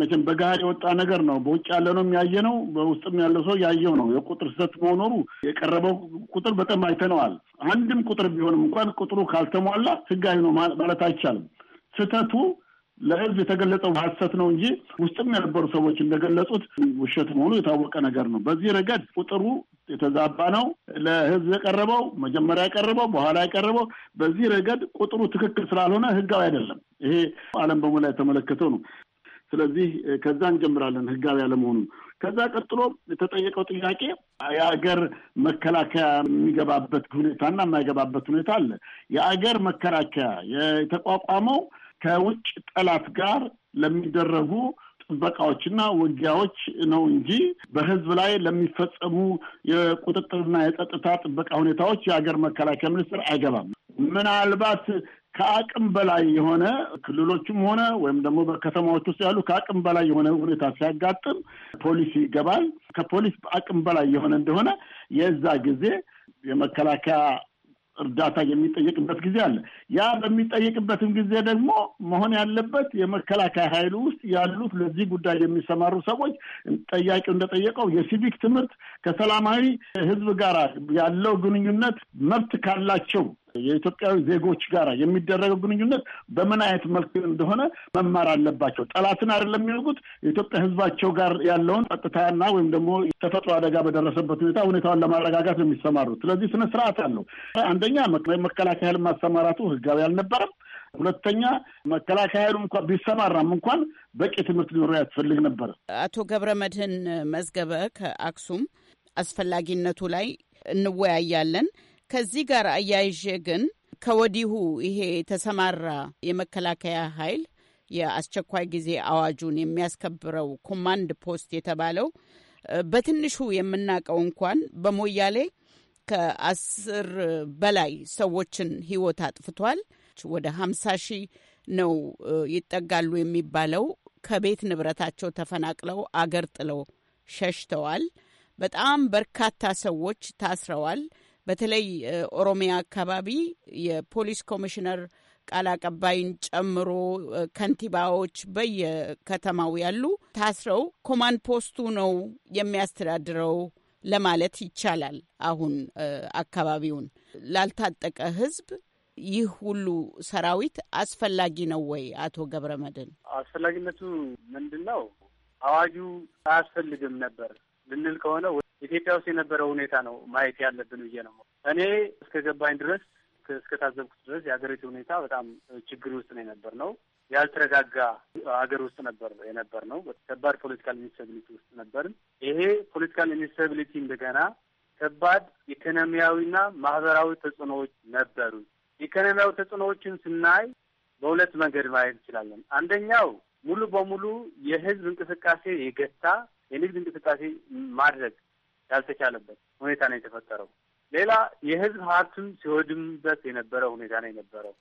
J: መቼም በገሃድ የወጣ ነገር ነው። በውጭ ያለ ነው የሚያየ ነው፣ በውስጥም ያለው ሰው ያየው ነው። የቁጥር ስህተት መኖሩ የቀረበው ቁጥር በጣም አይተነዋል። አንድም ቁጥር ቢሆንም እንኳን ቁጥሩ ካልተሟላ ህጋዊ ነው ማለት አይቻልም። ስህተቱ ለህዝብ የተገለጸው ሀሰት ነው እንጂ ውስጥም የነበሩ ሰዎች እንደገለጹት ውሸት መሆኑ የታወቀ ነገር ነው። በዚህ ረገድ ቁጥሩ የተዛባ ነው። ለህዝብ የቀረበው መጀመሪያ የቀረበው በኋላ የቀረበው በዚህ ረገድ ቁጥሩ ትክክል ስላልሆነ ህጋዊ አይደለም። ይሄ ዓለም በሙላ የተመለከተው ነው። ስለዚህ ከዛ እንጀምራለን ህጋዊ አለመሆኑ። ከዛ ቀጥሎ የተጠየቀው ጥያቄ የአገር መከላከያ የሚገባበት ሁኔታና የማይገባበት ሁኔታ አለ። የአገር መከላከያ የተቋቋመው ከውጭ ጠላት ጋር ለሚደረጉ ጥበቃዎችና ውጊያዎች ነው እንጂ በህዝብ ላይ ለሚፈጸሙ የቁጥጥርና የጸጥታ ጥበቃ ሁኔታዎች የሀገር መከላከያ ሚኒስቴር አይገባም። ምናልባት ከአቅም በላይ የሆነ ክልሎችም ሆነ ወይም ደግሞ በከተማዎች ውስጥ ያሉ ከአቅም በላይ የሆነ ሁኔታ ሲያጋጥም ፖሊስ ይገባል። ከፖሊስ አቅም በላይ የሆነ እንደሆነ የዛ ጊዜ የመከላከያ እርዳታ የሚጠየቅበት ጊዜ አለ። ያ በሚጠየቅበትም ጊዜ ደግሞ መሆን ያለበት የመከላከያ ኃይሉ ውስጥ ያሉት ለዚህ ጉዳይ የሚሰማሩ ሰዎች ጠያቂው እንደጠየቀው የሲቪክ ትምህርት፣ ከሰላማዊ ሕዝብ ጋር ያለው ግንኙነት መብት ካላቸው የኢትዮጵያዊ ዜጎች ጋር የሚደረገው ግንኙነት በምን አይነት መልክ እንደሆነ መማር አለባቸው። ጠላትን አይደለም የሚወጉት የኢትዮጵያ ሕዝባቸው ጋር ያለውን ጸጥታና ወይም ደግሞ ተፈጥሮ አደጋ በደረሰበት ሁኔታ ሁኔታውን ለማረጋጋት ነው የሚሰማሩት። ስለዚህ ስነ ስርዓት አለው። አንደኛ መከላከያ ኃይል ማሰማራቱ ህጋዊ አልነበረም። ሁለተኛ መከላከያ ኃይሉ እንኳ ቢሰማራም እንኳን በቂ ትምህርት ሊኖረ ያስፈልግ ነበር።
M: አቶ ገብረ መድህን መዝገበ ከአክሱም አስፈላጊነቱ ላይ እንወያያለን። ከዚህ ጋር አያይዤ ግን ከወዲሁ ይሄ የተሰማራ የመከላከያ ኃይል የአስቸኳይ ጊዜ አዋጁን የሚያስከብረው ኮማንድ ፖስት የተባለው በትንሹ የምናውቀው እንኳን በሞያሌ ከአስር በላይ ሰዎችን ህይወት አጥፍቷል። ወደ ሀምሳ ሺህ ነው ይጠጋሉ የሚባለው ከቤት ንብረታቸው ተፈናቅለው አገር ጥለው ሸሽተዋል። በጣም በርካታ ሰዎች ታስረዋል። በተለይ ኦሮሚያ አካባቢ የፖሊስ ኮሚሽነር ቃል አቀባይን ጨምሮ ከንቲባዎች በየከተማው ያሉ ታስረው ኮማንድ ፖስቱ ነው የሚያስተዳድረው ለማለት ይቻላል። አሁን አካባቢውን ላልታጠቀ ህዝብ ይህ ሁሉ ሰራዊት አስፈላጊ ነው ወይ? አቶ ገብረ መድን
I: አስፈላጊነቱ ምንድን ነው? አዋጁ አያስፈልግም ነበር ልንል ከሆነ ኢትዮጵያ ውስጥ የነበረው ሁኔታ ነው ማየት ያለብን ብዬ ነው። እኔ እስከ ገባኝ ድረስ እስከታዘብኩት ድረስ የሀገሪቱ ሁኔታ በጣም ችግር ውስጥ ነው የነበር ነው ያልተረጋጋ ሀገር ውስጥ ነበር የነበር ነው። ከባድ ፖለቲካል ኢንስታቢሊቲ ውስጥ ነበርን። ይሄ ፖለቲካል ኢንስታቢሊቲ እንደገና ከባድ ኢኮኖሚያዊና ማህበራዊ ተጽዕኖዎች ነበሩ። ኢኮኖሚያዊ ተጽዕኖዎችን ስናይ በሁለት መንገድ ማየት እንችላለን። አንደኛው ሙሉ በሙሉ የህዝብ እንቅስቃሴ የገታ የንግድ እንቅስቃሴ ማድረግ ያልተቻለበት ሁኔታ ነው የተፈጠረው። ሌላ የህዝብ ሀብትም ሲወድምበት የነበረው ሁኔታ ነው የነበረው።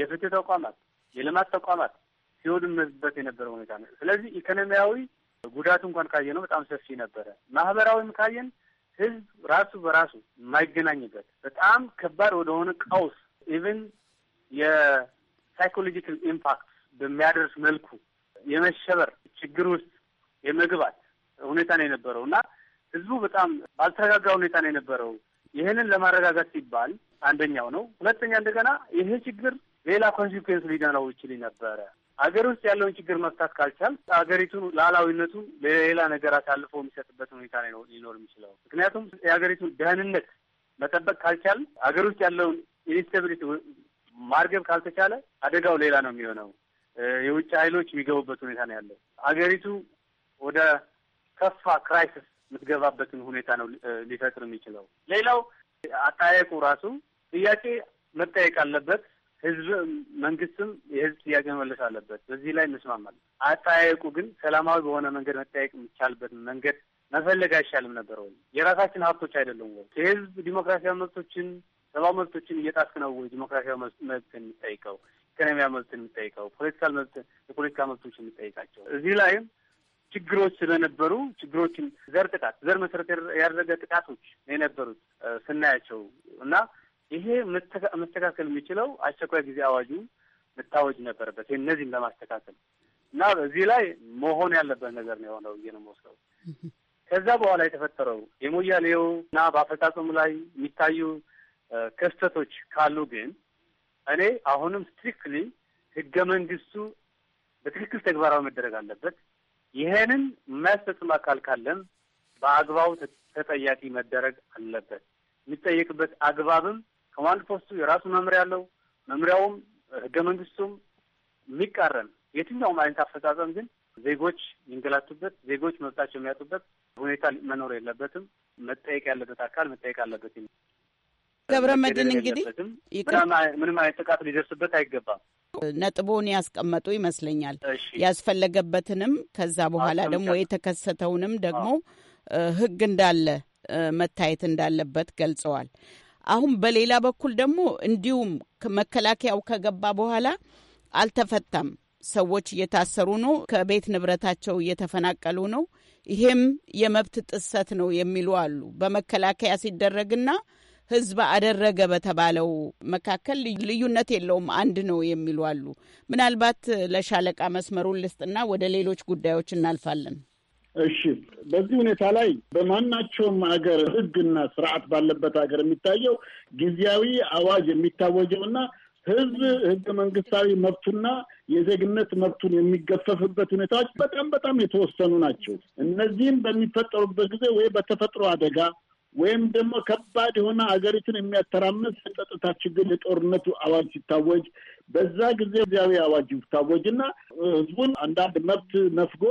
I: የፍትህ ተቋማት፣ የልማት ተቋማት ሲወድምበት የነበረው ሁኔታ ነው። ስለዚህ ኢኮኖሚያዊ ጉዳቱ እንኳን ካየ ነው በጣም ሰፊ ነበረ። ማህበራዊም ካየን ህዝብ ራሱ በራሱ የማይገናኝበት በጣም ከባድ ወደሆነ ቀውስ ኢቨን የሳይኮሎጂካል ኢምፓክት በሚያደርስ መልኩ የመሸበር ችግር ውስጥ የመግባት ሁኔታ ነው የነበረው እና ህዝቡ በጣም ባልተረጋጋ ሁኔታ ነው የነበረው። ይህንን ለማረጋጋት ሲባል አንደኛው ነው። ሁለተኛ እንደገና ይሄ ችግር ሌላ ኮንሲኩዌንስ ሊገናው ይችል ነበረ። ሀገር ውስጥ ያለውን ችግር መፍታት ካልቻል ሀገሪቱን ሉዓላዊነቱ ለሌላ ነገር አሳልፎ የሚሰጥበት ሁኔታ ሊኖር የሚችለው ምክንያቱም የሀገሪቱን ደህንነት መጠበቅ ካልቻል ሀገር ውስጥ ያለውን ኢንስታቢሊቲ ማርገብ ካልተቻለ አደጋው ሌላ ነው የሚሆነው። የውጭ ኃይሎች የሚገቡበት ሁኔታ ነው ያለው። ሀገሪቱ ወደ ከፋ ክራይሲስ የምትገባበትን ሁኔታ ነው ሊፈጥር የሚችለው። ሌላው አጠያየቁ ራሱ ጥያቄ መጠየቅ አለበት። ህዝብ መንግስትም የህዝብ ጥያቄ መመለስ አለበት። በዚህ ላይ እንስማማለን። አጠያየቁ ግን ሰላማዊ በሆነ መንገድ መጠየቅ የሚቻልበት መንገድ መፈለግ አይሻልም ነበር ወይ? የራሳችን ሀብቶች አይደለም ወይ? የህዝብ ዲሞክራሲያዊ መብቶችን ሰብአዊ መብቶችን እየጣስክ ነው ወይ? ዲሞክራሲያዊ መብት የሚጠይቀው ኢኮኖሚያዊ መብት የሚጠይቀው ፖለቲካል መብት የፖለቲካ መብቶች የሚጠይቃቸው እዚህ ላይም ችግሮች ስለነበሩ ችግሮችን ዘር ጥቃት ዘር መሰረት ያደረገ ጥቃቶች የነበሩት ስናያቸው እና ይሄ መስተካከል የሚችለው አስቸኳይ ጊዜ አዋጁ መታወጅ ነበረበት። እነዚህም ለማስተካከል እና በዚህ ላይ መሆን ያለበት ነገር ነው የሆነው ብዬ ነው የምወስደው። ከዛ በኋላ የተፈጠረው የሞያሌው እና በአፈጻጸሙ ላይ የሚታዩ ክስተቶች ካሉ ግን እኔ አሁንም ስትሪክትሊ ህገ መንግስቱ በትክክል ተግባራዊ መደረግ አለበት። ይህንን አካል ካለም በአግባቡ ተጠያቂ መደረግ አለበት። የሚጠየቅበት አግባብም ኮማንድ ፖስቱ የራሱ መምሪያ አለው። መምሪያውም ህገ መንግስቱም የሚቃረን የትኛውም አይነት አፈጻጸም ግን ዜጎች የሚንገላቱበት ዜጎች መብታቸው የሚያጡበት ሁኔታ መኖር የለበትም። መጠየቅ ያለበት አካል መጠየቅ አለበት።
M: ገብረ መድን እንግዲህ
I: ምንም አይነት ጥቃት ሊደርስበት አይገባም።
M: ነጥቡን ያስቀመጡ ይመስለኛል። ያስፈለገበትንም ከዛ በኋላ ደግሞ የተከሰተውንም ደግሞ ህግ እንዳለ መታየት እንዳለበት ገልጸዋል። አሁን በሌላ በኩል ደግሞ እንዲሁም መከላከያው ከገባ በኋላ አልተፈታም። ሰዎች እየታሰሩ ነው፣ ከቤት ንብረታቸው እየተፈናቀሉ ነው። ይሄም የመብት ጥሰት ነው የሚሉ አሉ በመከላከያ ሲደረግና ህዝብ አደረገ በተባለው መካከል ልዩነት የለውም፣ አንድ ነው የሚሉ አሉ። ምናልባት ለሻለቃ መስመሩን ልስጥና ወደ ሌሎች ጉዳዮች እናልፋለን።
J: እሺ፣ በዚህ ሁኔታ ላይ በማናቸውም ሀገር ህግና ስርዓት ባለበት ሀገር የሚታየው ጊዜያዊ አዋጅ የሚታወጀውና ህዝብ ህገ መንግስታዊ መብቱና የዜግነት መብቱን የሚገፈፍበት ሁኔታዎች በጣም በጣም የተወሰኑ ናቸው። እነዚህም በሚፈጠሩበት ጊዜ ወይ በተፈጥሮ አደጋ ወይም ደግሞ ከባድ የሆነ ሀገሪቱን የሚያተራምስ የጸጥታ ችግር የጦርነቱ አዋጅ ሲታወጅ በዛ ጊዜ ዚያዊ አዋጅ ይታወጅና ህዝቡን አንዳንድ መብት ነፍጎ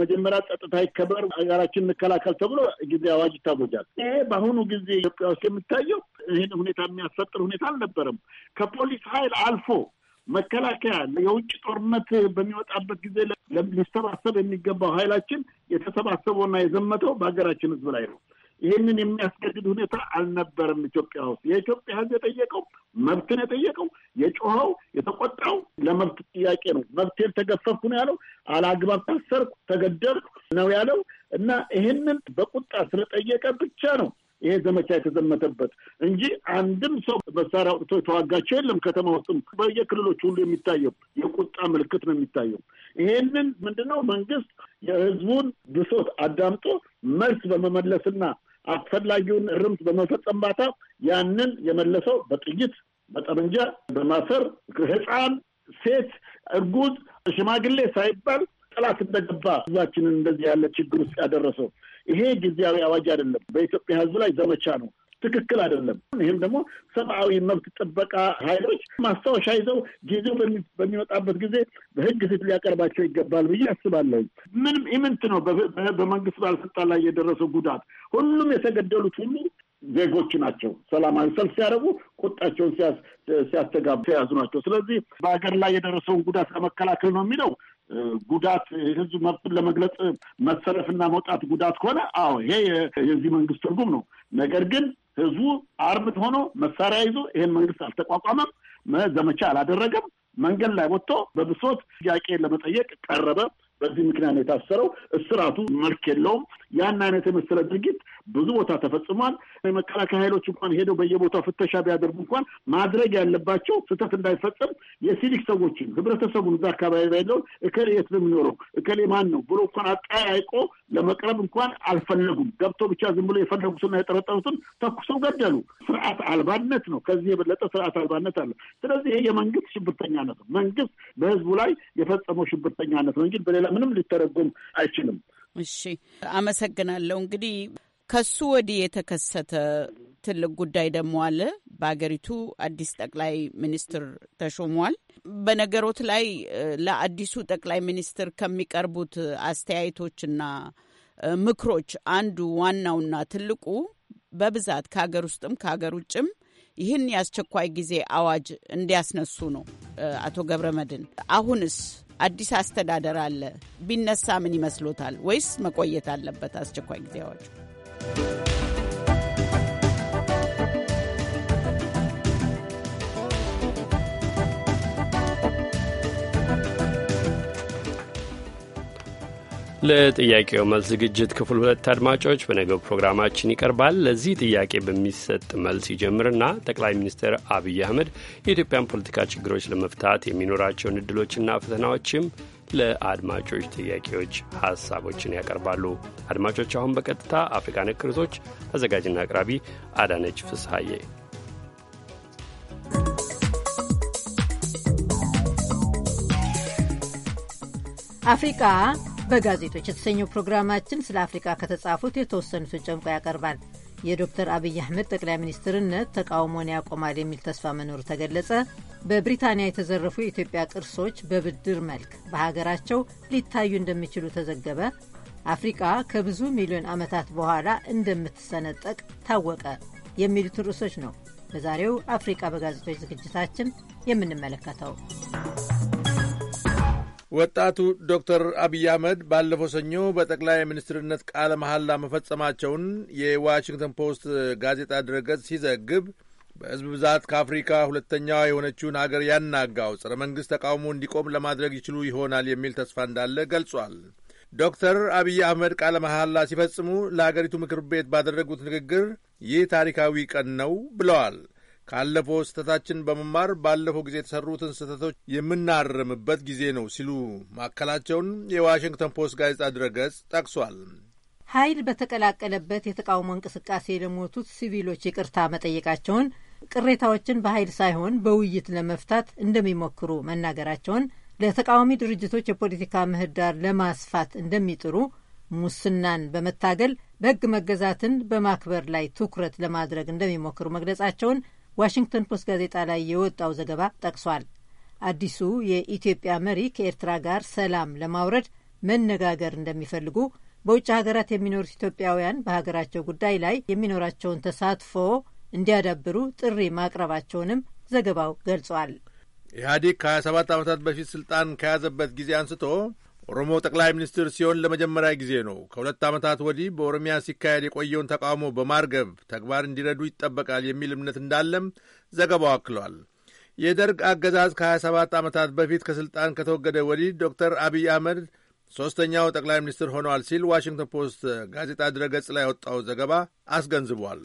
J: መጀመሪያ ጸጥታ ይከበር፣ ሀገራችን እንከላከል ተብሎ ጊዜ አዋጅ ይታወጃል። ይሄ በአሁኑ ጊዜ ኢትዮጵያ ውስጥ የሚታየው ይህን ሁኔታ የሚያስፈጥር ሁኔታ አልነበረም። ከፖሊስ ኃይል አልፎ መከላከያ የውጭ ጦርነት በሚወጣበት ጊዜ ሊሰባሰብ የሚገባው ኃይላችን የተሰባሰበውና የዘመተው በሀገራችን ህዝብ ላይ ነው። ይህንን የሚያስገድድ ሁኔታ አልነበረም ኢትዮጵያ ውስጥ። የኢትዮጵያ ሕዝብ የጠየቀው መብትን የጠየቀው የጮኸው የተቆጣው ለመብት ጥያቄ ነው። መብቴን ተገፈፍኩ ነው ያለው። አላግባብ ታሰርኩ፣ ተገደልኩ ነው ያለው እና ይህንን በቁጣ ስለጠየቀ ብቻ ነው ይሄ ዘመቻ የተዘመተበት እንጂ አንድም ሰው መሳሪያ አውጥቶ የተዋጋቸው የለም። ከተማ ውስጥም በየክልሎች ሁሉ የሚታየው የቁጣ ምልክት ነው የሚታየው። ይሄንን ምንድነው መንግስት የህዝቡን ብሶት አዳምጦ መልስ በመመለስና አስፈላጊውን እርምት በመፈጸም ባታ ያንን የመለሰው በጥይት በጠመንጃ በማሰር ህፃን፣ ሴት፣ እርጉዝ፣ ሽማግሌ ሳይባል ጠላት እንደገባ ህዝባችንን እንደዚህ ያለ ችግር ውስጥ ያደረሰው ይሄ ጊዜያዊ አዋጅ አይደለም። በኢትዮጵያ ህዝብ ላይ ዘመቻ ነው። ትክክል አይደለም። ይህም ደግሞ ሰብአዊ መብት ጥበቃ ኃይሎች ማስታወሻ ይዘው ጊዜው በሚመጣበት ጊዜ በህግ ፊት ሊያቀርባቸው ይገባል ብዬ አስባለሁ። ምንም ኢምንት ነው በመንግስት ባለስልጣን ላይ የደረሰው ጉዳት። ሁሉም የተገደሉት ሁሉ ዜጎች ናቸው። ሰላማዊ ሰልፍ ሲያደርጉ ቁጣቸውን ሲያስተጋቡ የያዙ ናቸው። ስለዚህ በሀገር ላይ የደረሰውን ጉዳት ለመከላከል ነው የሚለው ጉዳት የህዝብ መብትን ለመግለጽ መሰለፍና መውጣት ጉዳት ከሆነ አዎ ይሄ የዚህ መንግስት ትርጉም ነው። ነገር ግን ህዝቡ አርምት ሆኖ መሳሪያ ይዞ ይሄን መንግስት አልተቋቋመም፣ ዘመቻ አላደረገም። መንገድ ላይ ወጥቶ በብሶት ጥያቄ ለመጠየቅ ቀረበ። በዚህ ምክንያት ነው የታሰረው። እስራቱ መልክ የለውም። ያን አይነት የመሰለ ድርጊት ብዙ ቦታ ተፈጽሟል። የመከላከያ ኃይሎች እንኳን ሄደው በየቦታው ፍተሻ ቢያደርጉ እንኳን ማድረግ ያለባቸው ስህተት እንዳይፈጸም የሲቪክ ሰዎችን ህብረተሰቡን፣ እዛ አካባቢ ያለውን እከሌ የት ነው የሚኖረው እከሌ ማን ነው ብሎ እንኳን አጠያይቆ ለመቅረብ እንኳን አልፈለጉም። ገብቶ ብቻ ዝም ብሎ የፈለጉትና የጠረጠሩትን ተኩሰው ገደሉ። ስርዓት አልባነት ነው። ከዚህ የበለጠ ስርዓት አልባነት አለ። ስለዚህ ይሄ የመንግስት ሽብርተኛነት ነው። መንግስት በህዝቡ ላይ የፈጸመው ሽብርተኛነት ነው እንጂ በሌላ ምንም ሊተረጎም አይችልም።
M: እሺ፣ አመሰግናለሁ። እንግዲህ ከሱ ወዲህ የተከሰተ ትልቅ ጉዳይ ደግሞ አለ። በሀገሪቱ አዲስ ጠቅላይ ሚኒስትር ተሾሟል። በነገሮት ላይ ለአዲሱ ጠቅላይ ሚኒስትር ከሚቀርቡት አስተያየቶችና ምክሮች አንዱ ዋናውና ትልቁ በብዛት ከሀገር ውስጥም ከሀገር ውጭም ይህን የአስቸኳይ ጊዜ አዋጅ እንዲያስነሱ ነው። አቶ ገብረ መድን አሁንስ አዲስ አስተዳደር አለ ቢነሳ ምን ይመስሎታል? ወይስ መቆየት አለበት አስቸኳይ ጊዜ አዋጁ?
B: ለጥያቄው መልስ ዝግጅት ክፍል ሁለት አድማጮች በነገው ፕሮግራማችን ይቀርባል። ለዚህ ጥያቄ በሚሰጥ መልስ ይጀምርና ጠቅላይ ሚኒስትር አብይ አህመድ የኢትዮጵያን ፖለቲካ ችግሮች ለመፍታት የሚኖራቸውን እድሎችና ፈተናዎችም ለአድማጮች ጥያቄዎች፣ ሀሳቦችን ያቀርባሉ። አድማጮች አሁን በቀጥታ አፍሪካ ነክ ርዕሶች አዘጋጅና አቅራቢ አዳነች ፍስሐዬ
A: አፍሪቃ በጋዜጦች የተሰኘው ፕሮግራማችን ስለ አፍሪካ ከተጻፉት የተወሰኑትን ጨምቆ ያቀርባል። የዶክተር አብይ አህመድ ጠቅላይ ሚኒስትርነት ተቃውሞን ያቆማል የሚል ተስፋ መኖሩ ተገለጸ። በብሪታንያ የተዘረፉ የኢትዮጵያ ቅርሶች በብድር መልክ በሀገራቸው ሊታዩ እንደሚችሉ ተዘገበ። አፍሪቃ ከብዙ ሚሊዮን ዓመታት በኋላ እንደምትሰነጠቅ ታወቀ። የሚሉት ርዕሶች ነው በዛሬው አፍሪቃ በጋዜጦች ዝግጅታችን የምንመለከተው።
K: ወጣቱ ዶክተር አብይ አህመድ ባለፈው ሰኞ በጠቅላይ ሚኒስትርነት ቃለ መሐላ መፈጸማቸውን የዋሽንግተን ፖስት ጋዜጣ ድረገጽ ሲዘግብ በሕዝብ ብዛት ከአፍሪካ ሁለተኛዋ የሆነችውን ሀገር ያናጋው ጸረ መንግሥት ተቃውሞ እንዲቆም ለማድረግ ይችሉ ይሆናል የሚል ተስፋ እንዳለ ገልጿል። ዶክተር አብይ አህመድ ቃለ መሐላ ሲፈጽሙ ለሀገሪቱ ምክር ቤት ባደረጉት ንግግር ይህ ታሪካዊ ቀን ነው ብለዋል። ካለፈው ስህተታችን በመማር ባለፈው ጊዜ የተሰሩትን ስህተቶች የምናርምበት ጊዜ ነው ሲሉ ማከላቸውን የዋሽንግተን ፖስት ጋዜጣ ድረገጽ ጠቅሷል።
A: ኃይል በተቀላቀለበት የተቃውሞ እንቅስቃሴ ለሞቱት ሲቪሎች ይቅርታ መጠየቃቸውን፣ ቅሬታዎችን በኃይል ሳይሆን በውይይት ለመፍታት እንደሚሞክሩ መናገራቸውን፣ ለተቃዋሚ ድርጅቶች የፖለቲካ ምህዳር ለማስፋት እንደሚጥሩ፣ ሙስናን በመታገል በሕግ መገዛትን በማክበር ላይ ትኩረት ለማድረግ እንደሚሞክሩ መግለጻቸውን ዋሽንግተን ፖስት ጋዜጣ ላይ የወጣው ዘገባ ጠቅሷል። አዲሱ የኢትዮጵያ መሪ ከኤርትራ ጋር ሰላም ለማውረድ መነጋገር እንደሚፈልጉ፣ በውጭ ሀገራት የሚኖሩት ኢትዮጵያውያን በሀገራቸው ጉዳይ ላይ የሚኖራቸውን ተሳትፎ እንዲያዳብሩ ጥሪ ማቅረባቸውንም ዘገባው ገልጿል።
K: ኢህአዴግ ከ27 ዓመታት በፊት ስልጣን ከያዘበት ጊዜ አንስቶ ኦሮሞ ጠቅላይ ሚኒስትር ሲሆን ለመጀመሪያ ጊዜ ነው። ከሁለት ዓመታት ወዲህ በኦሮሚያ ሲካሄድ የቆየውን ተቃውሞ በማርገብ ተግባር እንዲረዱ ይጠበቃል የሚል እምነት እንዳለም ዘገባው አክሏል። የደርግ አገዛዝ ከ27 ዓመታት በፊት ከሥልጣን ከተወገደ ወዲህ ዶክተር አብይ አህመድ ሦስተኛው ጠቅላይ ሚኒስትር ሆነዋል ሲል ዋሽንግተን ፖስት ጋዜጣ ድረገጽ ላይ ያወጣው ዘገባ አስገንዝቧል።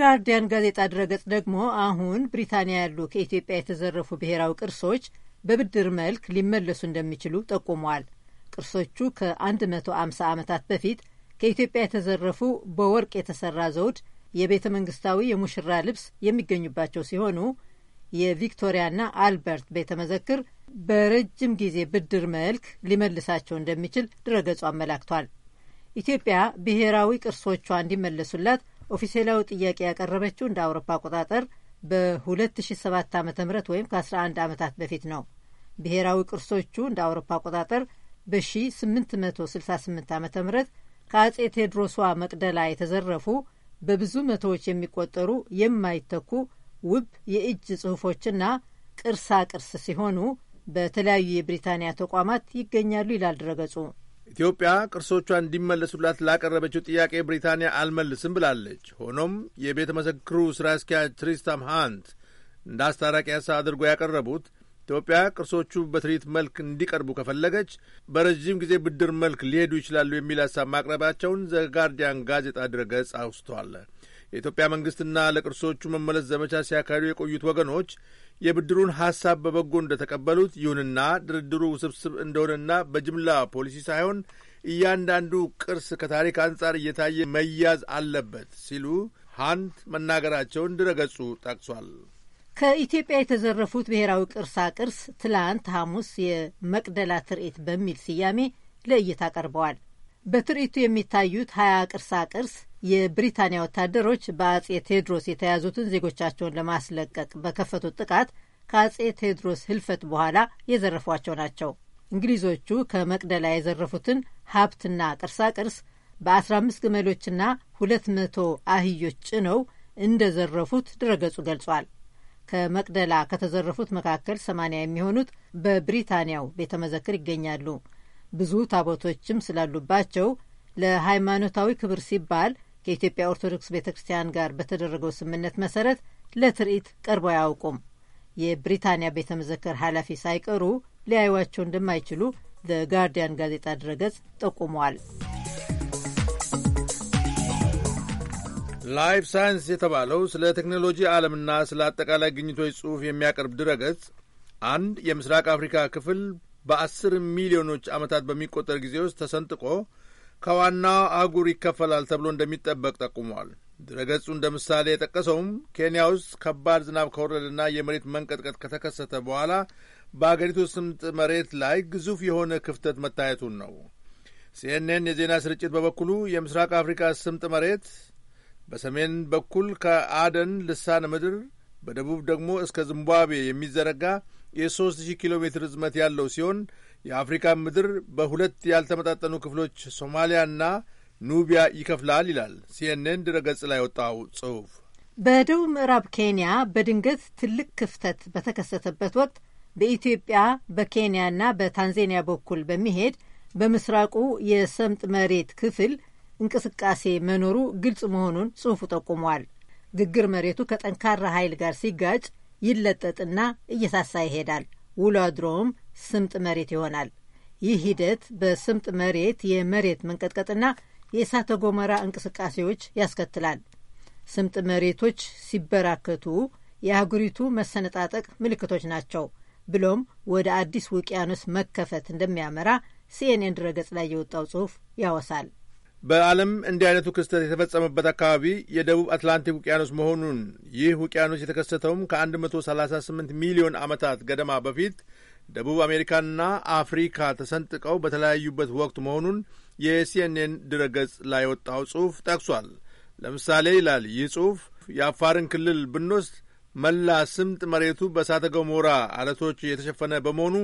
A: ጋርዲያን ጋዜጣ ድረገጽ ደግሞ አሁን ብሪታንያ ያሉ ከኢትዮጵያ የተዘረፉ ብሔራዊ ቅርሶች በብድር መልክ ሊመለሱ እንደሚችሉ ጠቁመዋል። ቅርሶቹ ከ150 ዓመታት በፊት ከኢትዮጵያ የተዘረፉ በወርቅ የተሰራ ዘውድ፣ የቤተ መንግስታዊ የሙሽራ ልብስ የሚገኙባቸው ሲሆኑ የቪክቶሪያና አልበርት ቤተ መዘክር በረጅም ጊዜ ብድር መልክ ሊመልሳቸው እንደሚችል ድረገጹ አመላክቷል። ኢትዮጵያ ብሔራዊ ቅርሶቿ እንዲመለሱላት ኦፊሴላዊ ጥያቄ ያቀረበችው እንደ አውሮፓ አቆጣጠር በ2007 ዓ ም ወይም ከ11 ዓመታት በፊት ነው። ብሔራዊ ቅርሶቹ እንደ አውሮፓ አቆጣጠር በ1868 ዓ ም ከአጼ ቴዎድሮሷ መቅደላ የተዘረፉ በብዙ መቶዎች የሚቆጠሩ የማይተኩ ውብ የእጅ ጽሑፎችና ቅርሳ ቅርስ ሲሆኑ በተለያዩ የብሪታንያ ተቋማት ይገኛሉ ይላል ድረገጹ።
K: ኢትዮጵያ ቅርሶቿ እንዲመለሱላት ላቀረበችው ጥያቄ ብሪታንያ አልመልስም ብላለች። ሆኖም የቤተ መዘክሩ ሥራ አስኪያጅ ትሪስታም ሃንት እንደ አስታራቂ ሀሳብ አድርጎ ያቀረቡት ኢትዮጵያ ቅርሶቹ በትርኢት መልክ እንዲቀርቡ ከፈለገች በረዥም ጊዜ ብድር መልክ ሊሄዱ ይችላሉ የሚል ሀሳብ ማቅረባቸውን ዘጋርዲያን ጋዜጣ ድረገጽ አውስቷል። የኢትዮጵያ መንግስትና ለቅርሶቹ መመለስ ዘመቻ ሲያካሂዱ የቆዩት ወገኖች የብድሩን ሀሳብ በበጎ እንደተቀበሉት፣ ይሁንና ድርድሩ ውስብስብ እንደሆነና በጅምላ ፖሊሲ ሳይሆን እያንዳንዱ ቅርስ ከታሪክ አንጻር እየታየ መያዝ አለበት ሲሉ ሃንት መናገራቸውን ድረገጹ ጠቅሷል።
A: ከኢትዮጵያ የተዘረፉት ብሔራዊ ቅርሳ ቅርስ ትላንት ሐሙስ የመቅደላ ትርኢት በሚል ስያሜ ለእይታ ቀርበዋል። በትርኢቱ የሚታዩት ሀያ ቅርሳ ቅርስ የብሪታንያ ወታደሮች በአጼ ቴዎድሮስ የተያዙትን ዜጎቻቸውን ለማስለቀቅ በከፈቱት ጥቃት ከአጼ ቴዎድሮስ ህልፈት በኋላ የዘረፏቸው ናቸው። እንግሊዞቹ ከመቅደላ የዘረፉትን ሀብትና ቅርሳ ቅርስ በ15 ግመሎችና 200 አህዮች ጭነው እንደዘረፉት ድረገጹ ገልጿል። ከመቅደላ ከተዘረፉት መካከል ሰማንያ የሚሆኑት በብሪታንያው ቤተ መዘክር ይገኛሉ። ብዙ ታቦቶችም ስላሉባቸው ለሃይማኖታዊ ክብር ሲባል ከኢትዮጵያ ኦርቶዶክስ ቤተ ክርስቲያን ጋር በተደረገው ስምምነት መሰረት ለትርኢት ቀርበው አያውቁም። የብሪታንያ ቤተ መዘክር ኃላፊ ሳይቀሩ ሊያዩዋቸው እንደማይችሉ ዘ ጋርዲያን ጋዜጣ ድረገጽ ጠቁሟል።
K: ላይፍ ሳይንስ የተባለው ስለ ቴክኖሎጂ ዓለምና ስለ አጠቃላይ ግኝቶች ጽሑፍ የሚያቀርብ ድረገጽ አንድ የምስራቅ አፍሪካ ክፍል በአስር ሚሊዮኖች ዓመታት በሚቆጠር ጊዜ ውስጥ ተሰንጥቆ ከዋናው አህጉር ይከፈላል ተብሎ እንደሚጠበቅ ጠቁሟል። ድረገጹ እንደ ምሳሌ የጠቀሰውም ኬንያ ውስጥ ከባድ ዝናብ ከወረደና የመሬት መንቀጥቀጥ ከተከሰተ በኋላ በአገሪቱ ስምጥ መሬት ላይ ግዙፍ የሆነ ክፍተት መታየቱን ነው። ሲኤንኤን የዜና ስርጭት በበኩሉ የምስራቅ አፍሪካ ስምጥ መሬት በሰሜን በኩል ከአደን ልሳነ ምድር በደቡብ ደግሞ እስከ ዝምባብዌ የሚዘረጋ የ3000 ኪሎ ሜትር ርዝመት ያለው ሲሆን የአፍሪካ ምድር በሁለት ያልተመጣጠኑ ክፍሎች ሶማሊያና ኑቢያ ይከፍላል ይላል ሲኤንኤን ድረገጽ ላይ ወጣው ጽሑፍ።
A: በደቡብ ምዕራብ ኬንያ በድንገት ትልቅ ክፍተት በተከሰተበት ወቅት በኢትዮጵያ በኬንያና በታንዛኒያ በኩል በሚሄድ በምስራቁ የሰምጥ መሬት ክፍል እንቅስቃሴ መኖሩ ግልጽ መሆኑን ጽሑፉ ጠቁሟል። ግግር መሬቱ ከጠንካራ ኃይል ጋር ሲጋጭ ይለጠጥና እየሳሳ ይሄዳል። ውሎ አድሮውም ስምጥ መሬት ይሆናል። ይህ ሂደት በስምጥ መሬት የመሬት መንቀጥቀጥና የእሳተ ገሞራ እንቅስቃሴዎች ያስከትላል። ስምጥ መሬቶች ሲበራከቱ የአህጉሪቱ መሰነጣጠቅ ምልክቶች ናቸው፣ ብሎም ወደ አዲስ ውቅያኖስ መከፈት እንደሚያመራ ሲኤንኤን ድረገጽ ላይ የወጣው ጽሑፍ ያወሳል።
K: በዓለም እንዲህ አይነቱ ክስተት የተፈጸመበት አካባቢ የደቡብ አትላንቲክ ውቅያኖስ መሆኑን ይህ ውቅያኖስ የተከሰተውም ከ138 ሚሊዮን ዓመታት ገደማ በፊት ደቡብ አሜሪካና አፍሪካ ተሰንጥቀው በተለያዩበት ወቅት መሆኑን የሲኤንኤን ድረገጽ ላይ የወጣው ጽሑፍ ጠቅሷል። ለምሳሌ ይላል ይህ ጽሑፍ የአፋርን ክልል ብንወስድ መላ ስምጥ መሬቱ በእሳተ ገሞራ አለቶች የተሸፈነ በመሆኑ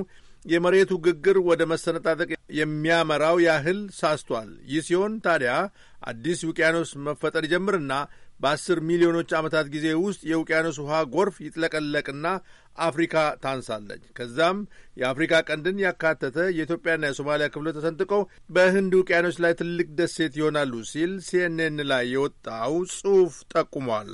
K: የመሬቱ ግግር ወደ መሰነጣጠቅ የሚያመራው ያህል ሳስቷል። ይህ ሲሆን ታዲያ አዲስ ውቅያኖስ መፈጠር ይጀምርና በአስር ሚሊዮኖች ዓመታት ጊዜ ውስጥ የውቅያኖስ ውሃ ጎርፍ ይጥለቀለቅና አፍሪካ ታንሳለች። ከዛም የአፍሪካ ቀንድን ያካተተ የኢትዮጵያና የሶማሊያ ክፍሎች ተሰንጥቀው በህንድ ውቅያኖስ ላይ ትልቅ ደሴት ይሆናሉ ሲል ሲኤንኤን ላይ የወጣው ጽሑፍ ጠቁሟል።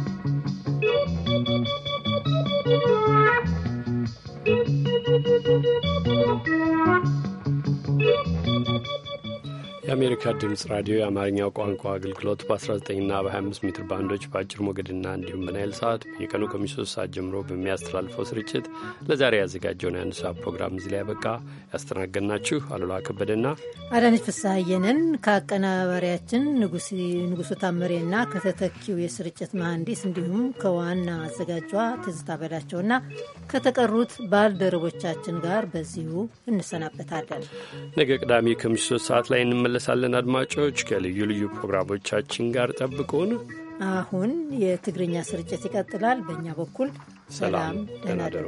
B: የአሜሪካ ድምፅ ራዲዮ የአማርኛው ቋንቋ አገልግሎት በ19ና በ25 ሜትር ባንዶች በአጭር ሞገድና እንዲሁም በናይል ሰዓት የቀኑ ከሚሶስት ሰዓት ጀምሮ በሚያስተላልፈው ስርጭት ለዛሬ ያዘጋጀውን የአንድ ሰዓት ፕሮግራም እዚህ ላይ ያበቃ። ያስተናገድናችሁ አሉላ ከበደና
A: አዳነች ፍስሐየንን ከአቀናባሪያችን ንጉሱ ታምሬና ከተተኪው የስርጭት መሐንዲስ እንዲሁም ከዋና አዘጋጇ ትዝታ በላቸውና ከተቀሩት ባልደረቦቻችን ጋር በዚሁ እንሰናበታለን።
B: ነገ ቅዳሜ ከሚሶስት ሰዓት ላይ እንመለስ እንመለሳለን። አድማጮች ከልዩ ልዩ ፕሮግራሞቻችን ጋር ጠብቁን።
A: አሁን የትግርኛ ስርጭት ይቀጥላል። በእኛ በኩል
B: ሰላም፣ ደህና ደሩ።